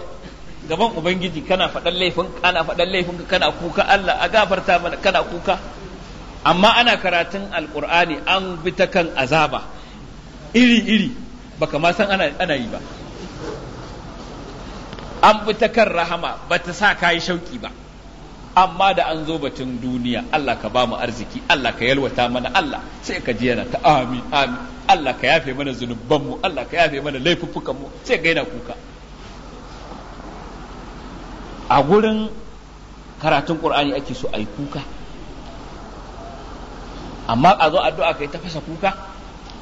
gaban ubangiji kana faɗan laifin kana faɗan laifin kana kuka Allah a gafarta mana kana kuka amma ana karatun Alƙur'ani an bi ta kan azaba iri iri baka ma san ana ana yi ba an bi ta kan rahama ba ta sa kayi shauki ba amma da an zo batun duniya Allah ka bamu arziki Allah ka yalwata mana Allah sai ka ji yana ta amin amin Allah ka yafe mana mu, Allah ka yafe mana mu, sai ga yana kuka a gurin karatun Qur'ani ake so a yi kuka amma a zo addu'a kai ta fasa kuka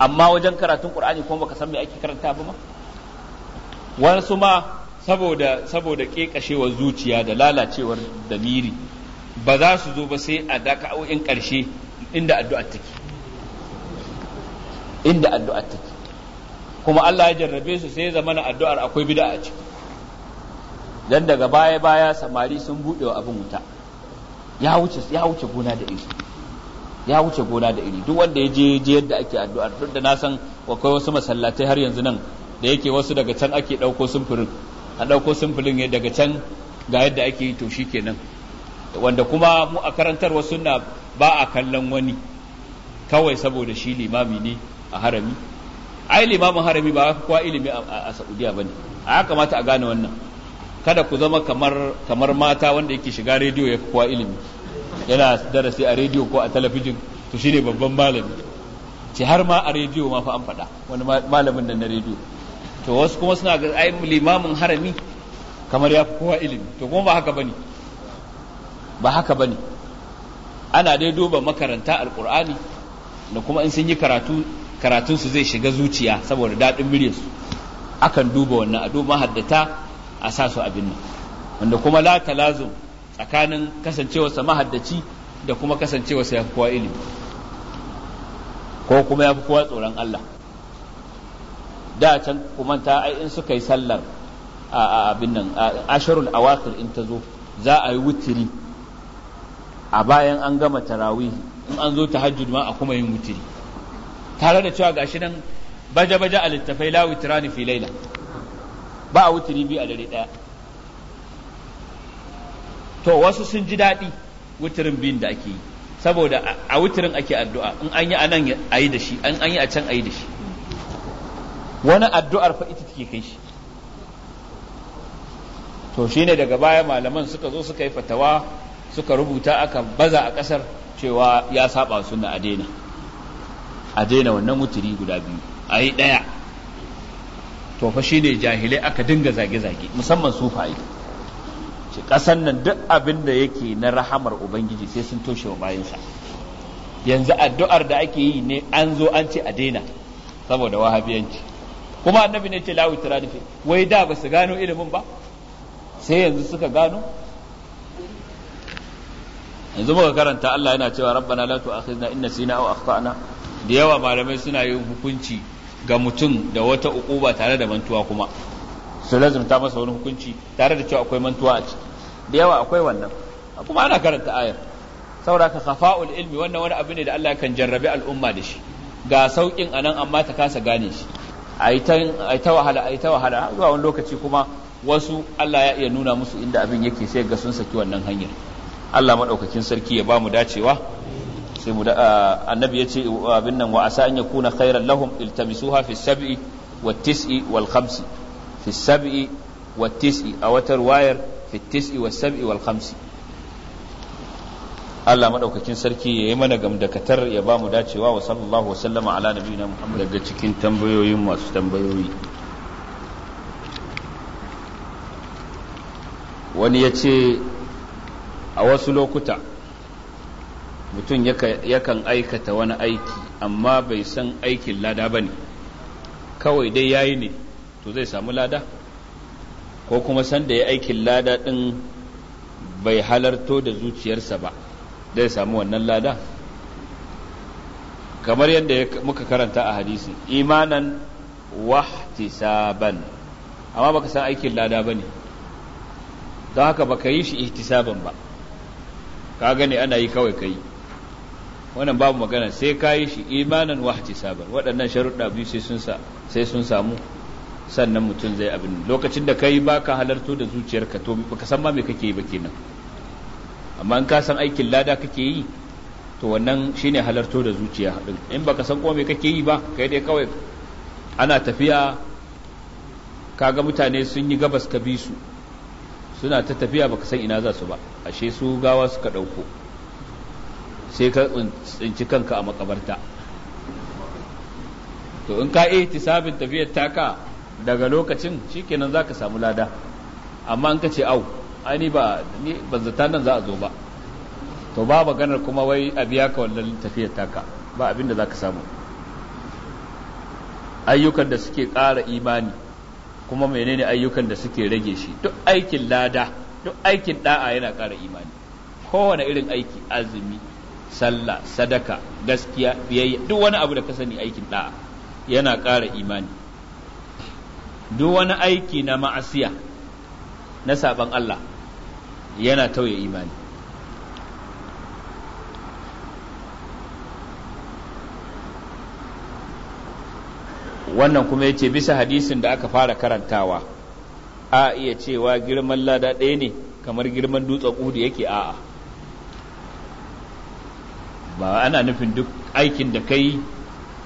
amma wajen karatun ƙur'ani kuma baka san me ake karanta ba ma wasu ma saboda saboda kekashewar zuciya da lalacewar damiri ba za su zo ba sai a daka'o'in ƙarshe inda addu'a take inda addu'a take kuma Allah ya jarrabe su sai zama addu'ar akwai bid'a a ciki dan daga baya baya samari sun buɗe wa abin wuta ya wuce ya wuce gona da isu ya wuce gona da iri duk wanda ya je je yadda ake addu'a duk da na san akwai wasu masallatai har yanzu nan da yake wasu daga can ake ɗauko sumfurin a ɗauko sumfurin ne daga can ga yadda ake yi to shi kenan wanda kuma mu a wasu na ba a kallon wani kawai saboda shi limami ne a harami ai limamin harami ba kowa ilimi a saudiya ba ne a ya kamata a gane wannan kada ku zama kamar kamar mata wanda yake shiga rediyo ya kowa ilimi yana darasi a rediyo ko a talabijin to shine babban malami ce har ma a rediyo ma fa an faɗa wani malamin da na rediyo to wasu kuma suna ga ai limamin harami kamar ya kowa ilimi to kuma ba haka bane ba haka bane ana dai duba makaranta alkur'ani da kuma in sun yi karatu karatun su zai shiga zuciya saboda daɗin su akan duba wannan a duba haddata a sa su abin nan wanda kuma la talazum tsakanin kasancewarsa mahaddaci da kuma kasancewarsa ya fi kowa ilimi ko kuma ya fi kowa tsoron Allah da can kumanta ai in suka yi sallar a abin nan asharul awakir in ta zo za a yi wutiri a bayan an gama tarawihi in an zo tahajjud ma a kuma yin wutiri tare da cewa gashi nan baje-baje a littafai la ni fi laila ba a wutiri bi a dare daya to wasu sun ji daɗi wuturin biyun da ake yi saboda a wuturin ake addu'a in an yi a nan a yi da shi in an yi a can a yi da shi wani addu'ar fa ita take kai shi to shine daga baya malaman suka zo suka yi fatawa suka rubuta aka baza a ƙasar cewa ya saba suna a daina a daina wannan wuturi guda biyu a yi ɗaya to fa shine jahilai aka dinga zage-zage musamman sufaye ce ƙasan nan duk abin da yake na rahamar ubangiji sai sun toshe wa bayansa yanzu addu'ar da ake yi ne an zo an ce a daina saboda wahabiyanci kuma annabi ne ce lawi nufi wai da ba su gano ilimin ba sai yanzu suka gano yanzu muka karanta Allah yana cewa rabbana la tu'akhizna in nasina aw akhtana da yawa malamai suna yin hukunci ga mutum da wata ukuba tare da mantuwa kuma su lazumta masa wani hukunci tare da cewa akwai mantuwa a ciki da yawa akwai wannan kuma ana karanta ayar saboda ka khafa'ul ilmi wannan wani abu ne da Allah kan jarrabe al'umma da shi ga saukin anan amma ta kasa gane shi ai ta wahala yi ta wahala zuwa wani lokaci kuma wasu Allah ya iya nuna musu inda abin yake sai ga sun saki wannan hanyar Allah maɗaukakin sarki ya bamu dacewa sai mu annabi ya ce abin nan wa asa an kuna khairan lahum iltamisuha fi sab'i wa tis'i wal khamsi fi sab'i wa tis'i a watar wayar fi tis'i was sab'i wal khamsi Allah madaukakin sarki yayi mana gamdakatar ya ba mu dacewa wa sallallahu wasallama ala nabiyina Muhammad daga cikin tambayoyin masu tambayoyi wani ya ce a wasu lokuta mutum yakan aikata wani aiki amma bai san aikin lada ba ne kawai dai yayi ne to zai samu lada ko kuma sanda ya aikin lada ɗin bai halarto da zuciyarsa ba zai samu wannan lada kamar yadda muka karanta a hadisi imanan wahtisaban amma baka san aikin lada ba ne don haka baka yi shi ihtisaban ba ka gane ana yi kawai ka yi wannan babu magana sai ka yi shi imanan wahtisaban waɗannan sharuɗa biyu sai sun samu sannan mutum zai abin lokacin da kai baka halarto da zuciyarka to baka san ma me kake yi ba kenan amma in ka san aikin lada kake yi to wannan shine halarto da zuciya din in ka san kuma me kake yi ba kai dai kawai ana tafiya kaga mutane sun yi gabas ka bi su suna ta tafiya baka san ina za su ba ashe su gawa suka dauko sai ka tsinci kanka a makabarta to in ka tisabin tafiyar taka daga lokacin shikenan ka samu lada amma an ka ce au ani ba ni banzata nan za a zo ba to ba maganar kuma wai a biya ka wannan tafiyar taka ba abin da ka samu ayyukan da suke ƙara imani kuma menene ayyukan da suke rage shi duk aikin lada duk aikin da'a yana ƙara imani kowane irin aiki azumi sallah sadaka gaskiya biyayya duk wani abu da ka sani aikin da'a yana ƙara imani duk wani aiki na ma'asiya na saban Allah yana tauye imani wannan kuma ya ce bisa hadisin da aka fara karantawa a iya cewa girman lada ɗaya ne kamar girman dutsen uhudu yake a'a ba ana nufin duk aikin da kai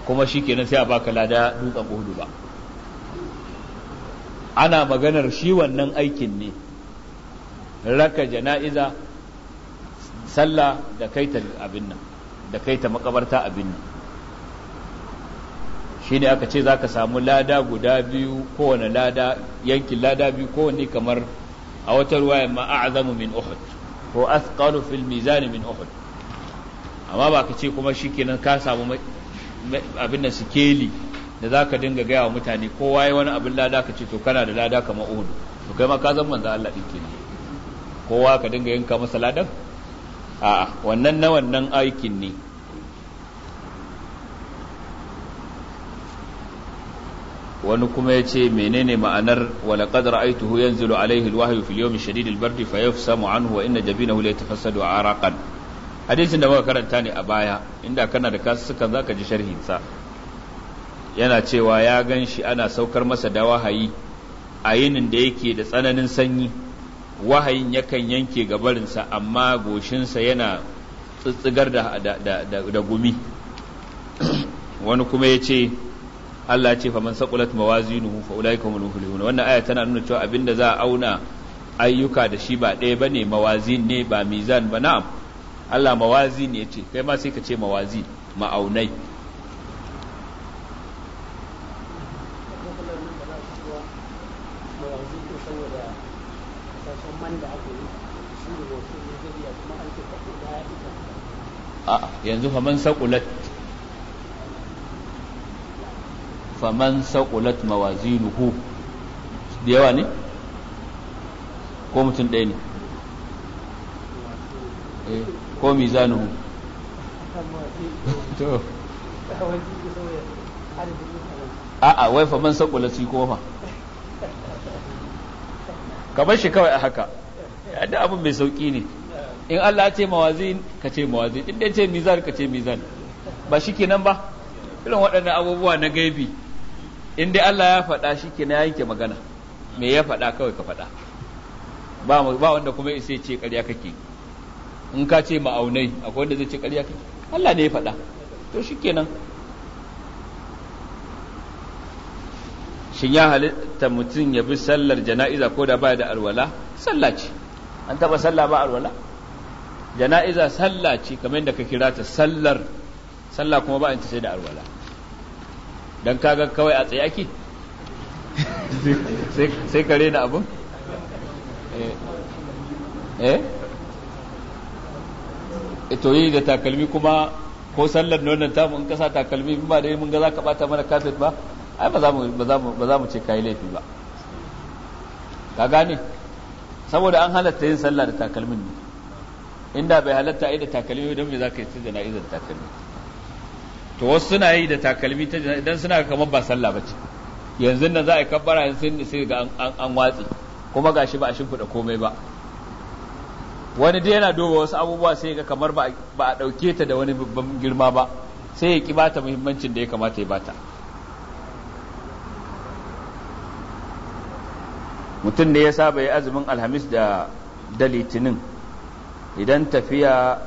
kuma shi kenan sai a baka lada dutsen uhudu ba ana maganar shi wannan aikin ne raka jana'iza sallah da kaita abin nan da kaita makabarta abin nan shi ne aka ce za ka samu lada guda biyu kowane lada yankin lada biyu kowane kamar a wata ruwayan ma a'azamu min uhud ko asqalu fil mizani min uhud amma ba ka ce kuma shi kenan ka samu abin nan sikeli da za ka dinga gaya wa mutane kowa ya wani abin lada ka ce to kana da lada ka ma'udu to kai ma ka zan manzo Allah din kenan kowa ka dinga yanka masa ladan a'a wannan na wannan aikin ne wani kuma ya ce menene ma'anar wala qad ra'aytuhu yanzilu alayhi alwahyu fil yawm shadid albard fa anhu wa inna jabinahu la yatafassadu araqan hadisin da muka karanta ne a baya inda kana da kasu sukan zaka ji sharhinsa. yana cewa ya gan shi ana saukar masa da wahayi a yinin da yake da tsananin sanyi wahayin yakan yanke gabarinsa amma goshinsa yana tsitsigar da, da, gumi wani kuma ya ce Allah ce fa man saqulat mawazinuhu fa ulaika humul muflihun wannan aya tana nuna cewa abinda za a auna ayyuka da shi ba ɗaya ba ne mawazin ne ba mizan ba na'am Allah mawazin ya ce kai ma sai ka ce mawazin ma'aunai yanzu faman saqulat faman saqulat mawazinuhu da yawa ne ko mutum ɗaya ne eh, ko mizanuhu to a'a wai faman saƙulat shi koma fa kamar shi kawai a haka da abin mai sauki ne in Allah ce mawazin ka ce mawazin in dai ce mizan ka ce mizan ba kenan ba irin waɗannan abubuwa na gaibi in dai Allah ya faɗa kenan ya yanke magana me ya faɗa kawai ka faɗa ba wanda kuma sai ce ƙarya kake in ka ce ma'aunai akwai wanda zai ce ƙarya kake Allah ne ya faɗa to kenan shin ya halitta mutum ya bi sallar jana'iza ko da baya da alwala sallah ce an taba sallah ba alwala jana'iza sallah ce kamar yadda ka kira ta sallar sallah kuma ba ta sai da alwala don kaga kawai a tsaye ake sai ka rena abun eh. Eh? eh to yi da takalmi kuma ko sallar nonon tamu in kasa takalmi in ba yi mun ga za ka bata mana kafet ba ai ba za mu ce kayi laifi ba ka gane saboda an halatta yin sallah da takalmin ne inda bai halatta ai da takalmi don me zaka yi ta jana'izar takalmi to wasu suna yi da takalmi ta jana'iza idan suna kamar ba sallah bace yanzu nan za a yi kabbara yanzu sai ga an watsi kuma gashi ba a shimfiɗa komai ba wani dai yana duba wasu abubuwa sai ga kamar ba a ɗauke ta da wani babban girma ba sai ya ƙi bata muhimmancin da ya kamata ya bata mutum ne ya saba ya azumin alhamis da da litinin idan tafiya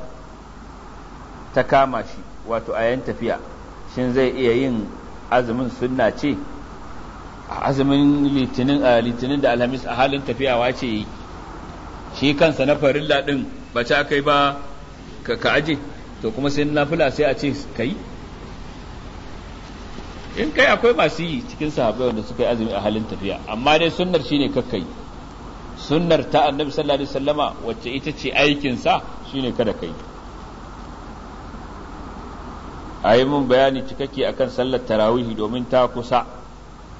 ta kama shi wato ayan tafiya shin zai iya yin azumin sunna ce azumin litinin a litinin da alhamis a halin tafiya wace yi shi kansa na farilla din ba ta kai ba ka aje to kuma sai na fula sai a ce ka yi in kai akwai masu yi cikin sahabai wanda suka yi azumi a halin tafiya amma dai sunnar shine kakkai sunnar ta annabi sallallahu alaihi wasallama wacce ita ce aikinsa shine kada kai a yi mun bayani cikakke akan sallar tarawihi domin ta kusa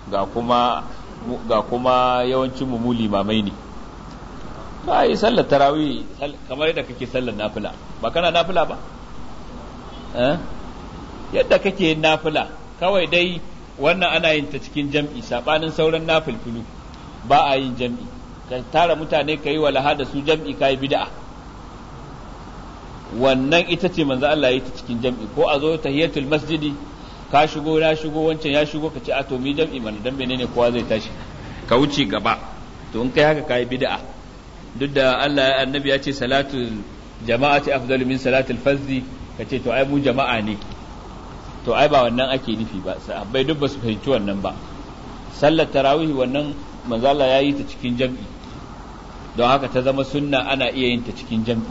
ga kuma ga kuma yawancin mu limamai ne ba yi sallar tarawihi kamar yadda kake sallar nafila ba kana nafila ba eh? yadda kake yin nafila kawai dai wannan ana yin ta cikin jam'i sabanin sauran nafilfilu ba a yin jam'i ka tara mutane ka yi walaha da su jam'i ka yi bida'a wannan ita ce manzo Allah ya ta cikin jam'i ko a zo tahiyatul masjidi ka shigo na shigo wancan ya shigo ka ce a to mi jam'i mana dan menene kowa zai tashi ka wuce gaba to in kai haka ka yi bida'a duk da Allah annabi ya ce salatul jama'ati afdalu min salatul fazzi ka ce to ai mu jama'a ne to ai ba wannan ake nufi ba sahabbai duk ba su fahimci wannan ba sallar tarawih wannan manzala ya yi ta cikin jam'i don haka ta zama sunna ana iya yin ta cikin jam'i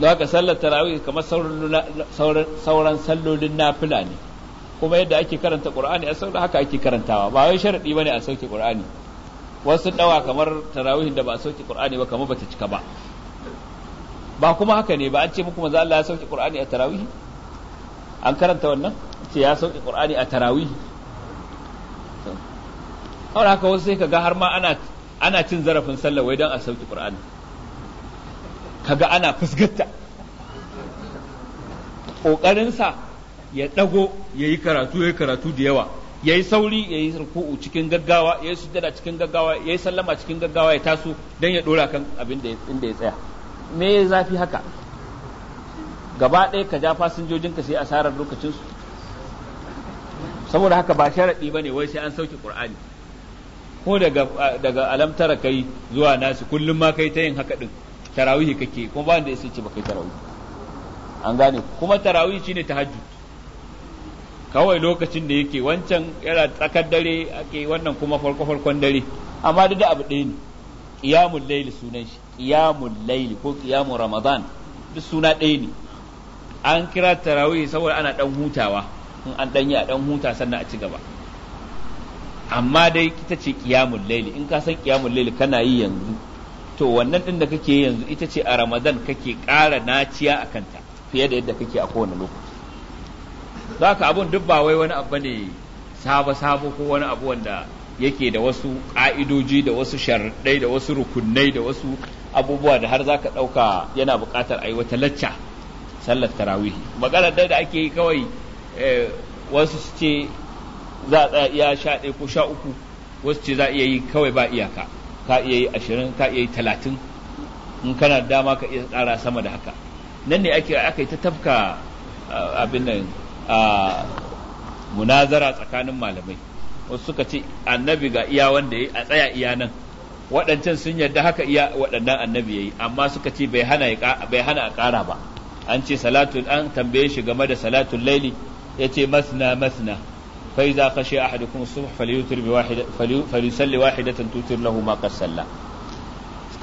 don haka sallar tarawih kamar sauran sallolin nafila ne kuma yadda ake karanta qur'ani a sauran haka ake karantawa ba wai sharadi bane a sauke qur'ani wasu dawa kamar tarawih da ba a sauke qur'ani ba kamar bata cika ba ba kuma haka ne ba an ce muku manzo Allah ya sauke qur'ani a tarawih an karanta wannan ce ya sauke qur'ani a tarawih saboda haka wasu sai ka ga har ma ana ana cin zarafin sallah wai don a sauki qur'ani kaga ana fusgarta ƙoƙarinsa ya ɗago ya yi karatu ya yi karatu da yawa ya yi sauri ya yi ruku'u cikin gaggawa ya yi sujjada cikin gaggawa ya yi sallama cikin gaggawa ya taso don ya ɗora kan abin da ya tsaya me ya zafi haka gaba ɗaya ka ja fasinjojinka sai asarar lokacinsu saboda haka ba sharaɗi ba ne wai sai an sauke ƙur'ani ko daga daga alamtara kai zuwa nasu kullum ma kai ta yin haka din tarawih kake kuma ba wanda yace ce ba kai tarawih an gane kuma tarawih shine tahajjud kawai lokacin da yake wancan yana tsakar dare ake wannan kuma farko farkon dare amma duk da abu ɗaya ne qiyamul layl sunan shi qiyamul layl ko qiyamul ramadan duk suna ɗaya ne an kira tarawih saboda ana dan hutawa in an dan yi a dan huta sannan a ci gaba amma dai ita ce kiyamun laili in ka san kiyamun laili kana yi yanzu to wannan din da kake yanzu ita ce a Ramadan kake ƙara naciya a kanta fiye da yadda kake a kowane lokaci za ka abun duk ba wai wani abu ne sabo sabo ko wani abu wanda yake da wasu ƙa'idoji da wasu sharaɗai da wasu rukunai da wasu abubuwa da har za ka ɗauka yana buƙatar a yi wata lacca sallar tarawihi maganar da ake yi kawai eh, wasu su ce za a tsaya iya sha ɗaya ko sha uku wasu ce za a iya yi kawai ba iyaka ka iya yi ashirin ka iya yi talatin in kana dama ka iya tsara sama da haka nan ne ake aka yi ta tafka abin nan a munazara tsakanin malamai wasu suka ce annabi ga iya wanda ya a tsaya iya nan waɗancan sun yarda haka iya waɗannan annabi ya yi amma suka ce bai hana a ƙara ba an ce salatu an tambaye shi game da salatun laili ya ce masna masna فإذا خشي أحدكم الصبح فليوتر بواحدة فليصلي واحدة توتر له ما قد صلى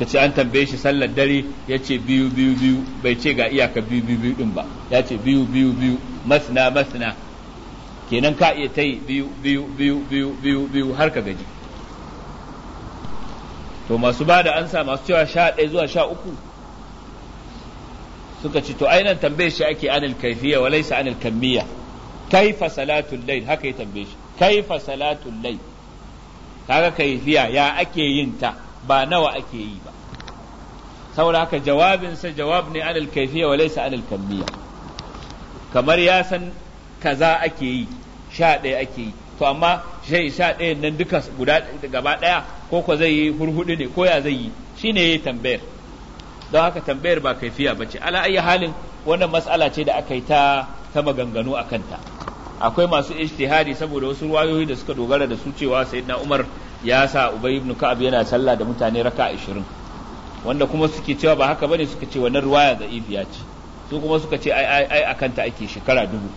kace an tambaye shi sallar dare ya ce biyu biyu biyu bai ce ga iyaka biyu biyu biyu din ba ya ce biyu biyu biyu masna masna kenan ka iya ta yi biyu biyu biyu biyu biyu biyu har ka gaji to masu ba da ansa masu cewa sha ɗaya zuwa sha uku suka ce to ainihin tambaye shi ake anil kaifiya wa laisa anil kammiya kaifa lai, layl haka ya tambaye shi kaifa salatul layl kaga kaifiya ya ake yin ta ba nawa ake yi ba saboda haka jawabinsa jawab ne alal wa laysa alal kamiyya kamar ya san kaza ake yi sha ake yi to amma shai nan duka gaba ɗaya ko zai yi hurhuɗu ne ko ya zai yi shine yayi tambayar don haka tambayar ba kaifiya bace ala ayi halin wannan matsala ce da aka yi ta ta maganganu a kanta akwai masu ijtihadi saboda wasu ruwayoyi da suka dogara da su cewa sayyidina Umar ya sa Ubay ibn Ka'ab yana sallah da mutane raka 20 wanda kuma suke cewa ba haka bane suka ce wannan ruwaya za'ifiya ce su kuma suka ce ai ai ai akan ta ake shekara dubu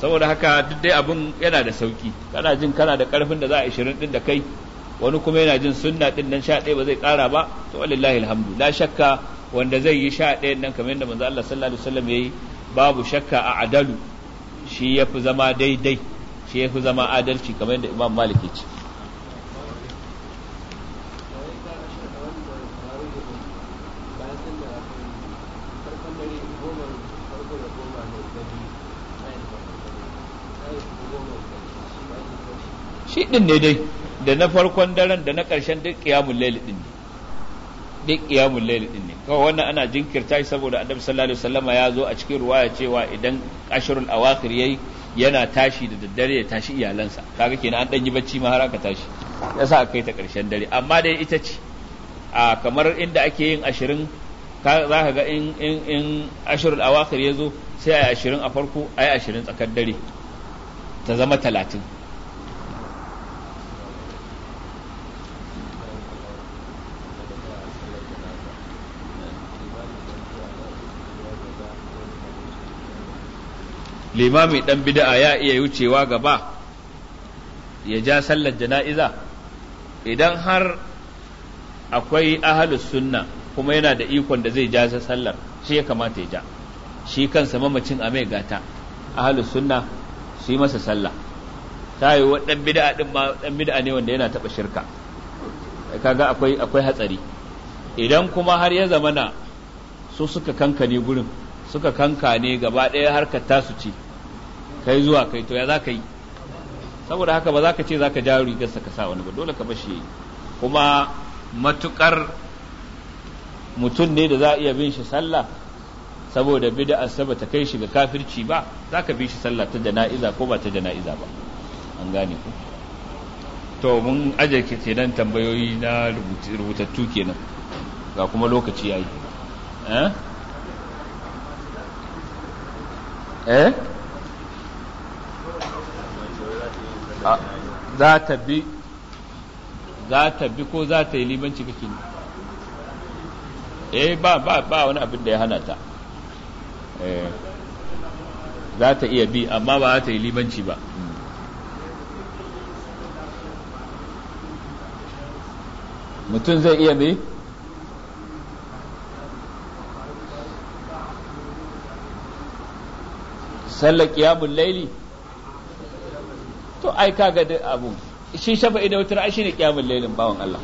saboda haka duk dai abin yana da sauki kana jin kana da karfin da za a 20 din da kai wani kuma yana jin sunna din nan sha ɗaya ba zai kara ba to wallahi alhamdu la shakka wanda zai yi sha ɗayan nan kamar yadda manzo Allah sallallahu alaihi wasallam yayi babu shakka a adalu shi ya fi zama daidai shi ya fi zama adalci kamar yadda imam malik ya ce shi din ne dai da na farkon daren da na ƙarshen duk ƙiyamun laili ne duk iyamun laili din ne kawai wannan ana jinkirta shi saboda annabi sallallahu alaihi wasallama ya zo a cikin ruwaya cewa idan ashrul awakhir yayi yana tashi da daddare ya tashi iyalansa kaga kenan an dan yi bacci ma har aka tashi yasa aka kai ta karshen dare amma dai ita ce a kamar inda ake yin ashirin za ka ga in in in ashrul awakhir ya zo sai ayi ashirin a farko ayi ashirin tsakar dare ta zama talatin limami dan bid'a ya iya wucewa gaba ya ja sallar jana'iza idan har akwai ahalus sunna kuma yana da ikon da zai ja sallar shi ya kamata ya ja shi kansa mamacin a mai gata ahalus sunna su yi masa sallah ta yi wa dan bid'a din ma dan bid'a ne wanda yana taba shirka kaga akwai akwai hatsari idan kuma har ya zamana su suka kankane gurin suka kankane gaba ɗaya harkar tasu ce kai zuwa kai to ya za ka yi saboda haka ba za ka ce za ka ja rigarsa ka sa wani ba dole ka bashi kuma matukar mutum ne da za a iya bin shi sallah saboda bid'a saba ta kai shi ga kafirci ba za ka bi shi sallah ta jana'iza ko ba ta jana'iza ba an gane ku to mun aje ke kenan tambayoyi na rubutattu kenan ga kuma lokaci yayi eh eh za ta bi za ta bi ko za ta yi limanci kake ne eh ba ba ba wani abin da ya hana ta eh, za ta iya bi amma ba za ta yi limanci ba mutum zai iya bi. sallar kiyamun laili to ai kaga duk abu shi shafa'i da wutar ai shine kiyamul lailin bawan Allah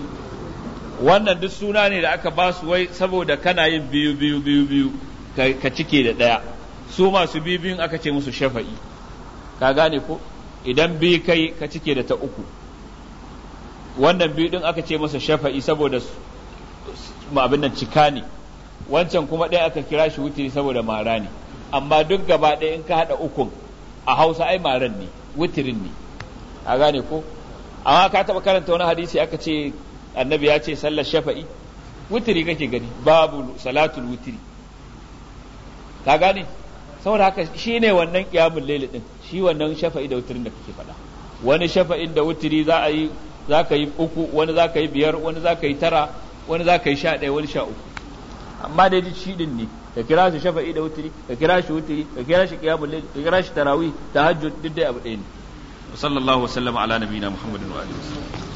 wannan duk suna ne da aka ba su wai saboda kana yin biyu biyu biyu biyu ka cike da daya su masu biyu biyun aka ce musu shafa'i ka gane ko idan biyu kai ka cike da ta uku wannan biyu din aka ce masa shafa'i saboda ma abin nan cika ne wancan kuma ɗaya aka kira shi wutiri saboda mara ne amma duk gaba ɗaya in ka haɗa ukun a hausa ai maran ne wutirin ne a gane ko amma ka taba karanta wani hadisi aka ce annabi ya ce sallar shafa'i wutiri kake gani babu salatul wutiri ka gane saboda haka shi ne wannan kiyamun layl shi wannan shafa'i da wutirin da kake faɗa wani shafa'in da wutiri za a yi za ka yi uku wani za ka yi biyar wani za ka yi tara wani za ka yi sha ɗaya wani sha uku amma dai duk shi ne ka kira shi shafa'i da wutiri ka kira shi wutiri ka kira shi kiyamun layl ka kira shi tarawih tahajjud duk dai abu ɗaya ne sallallahu wasallam ala nabiyina muhammadin wa alihi wasallam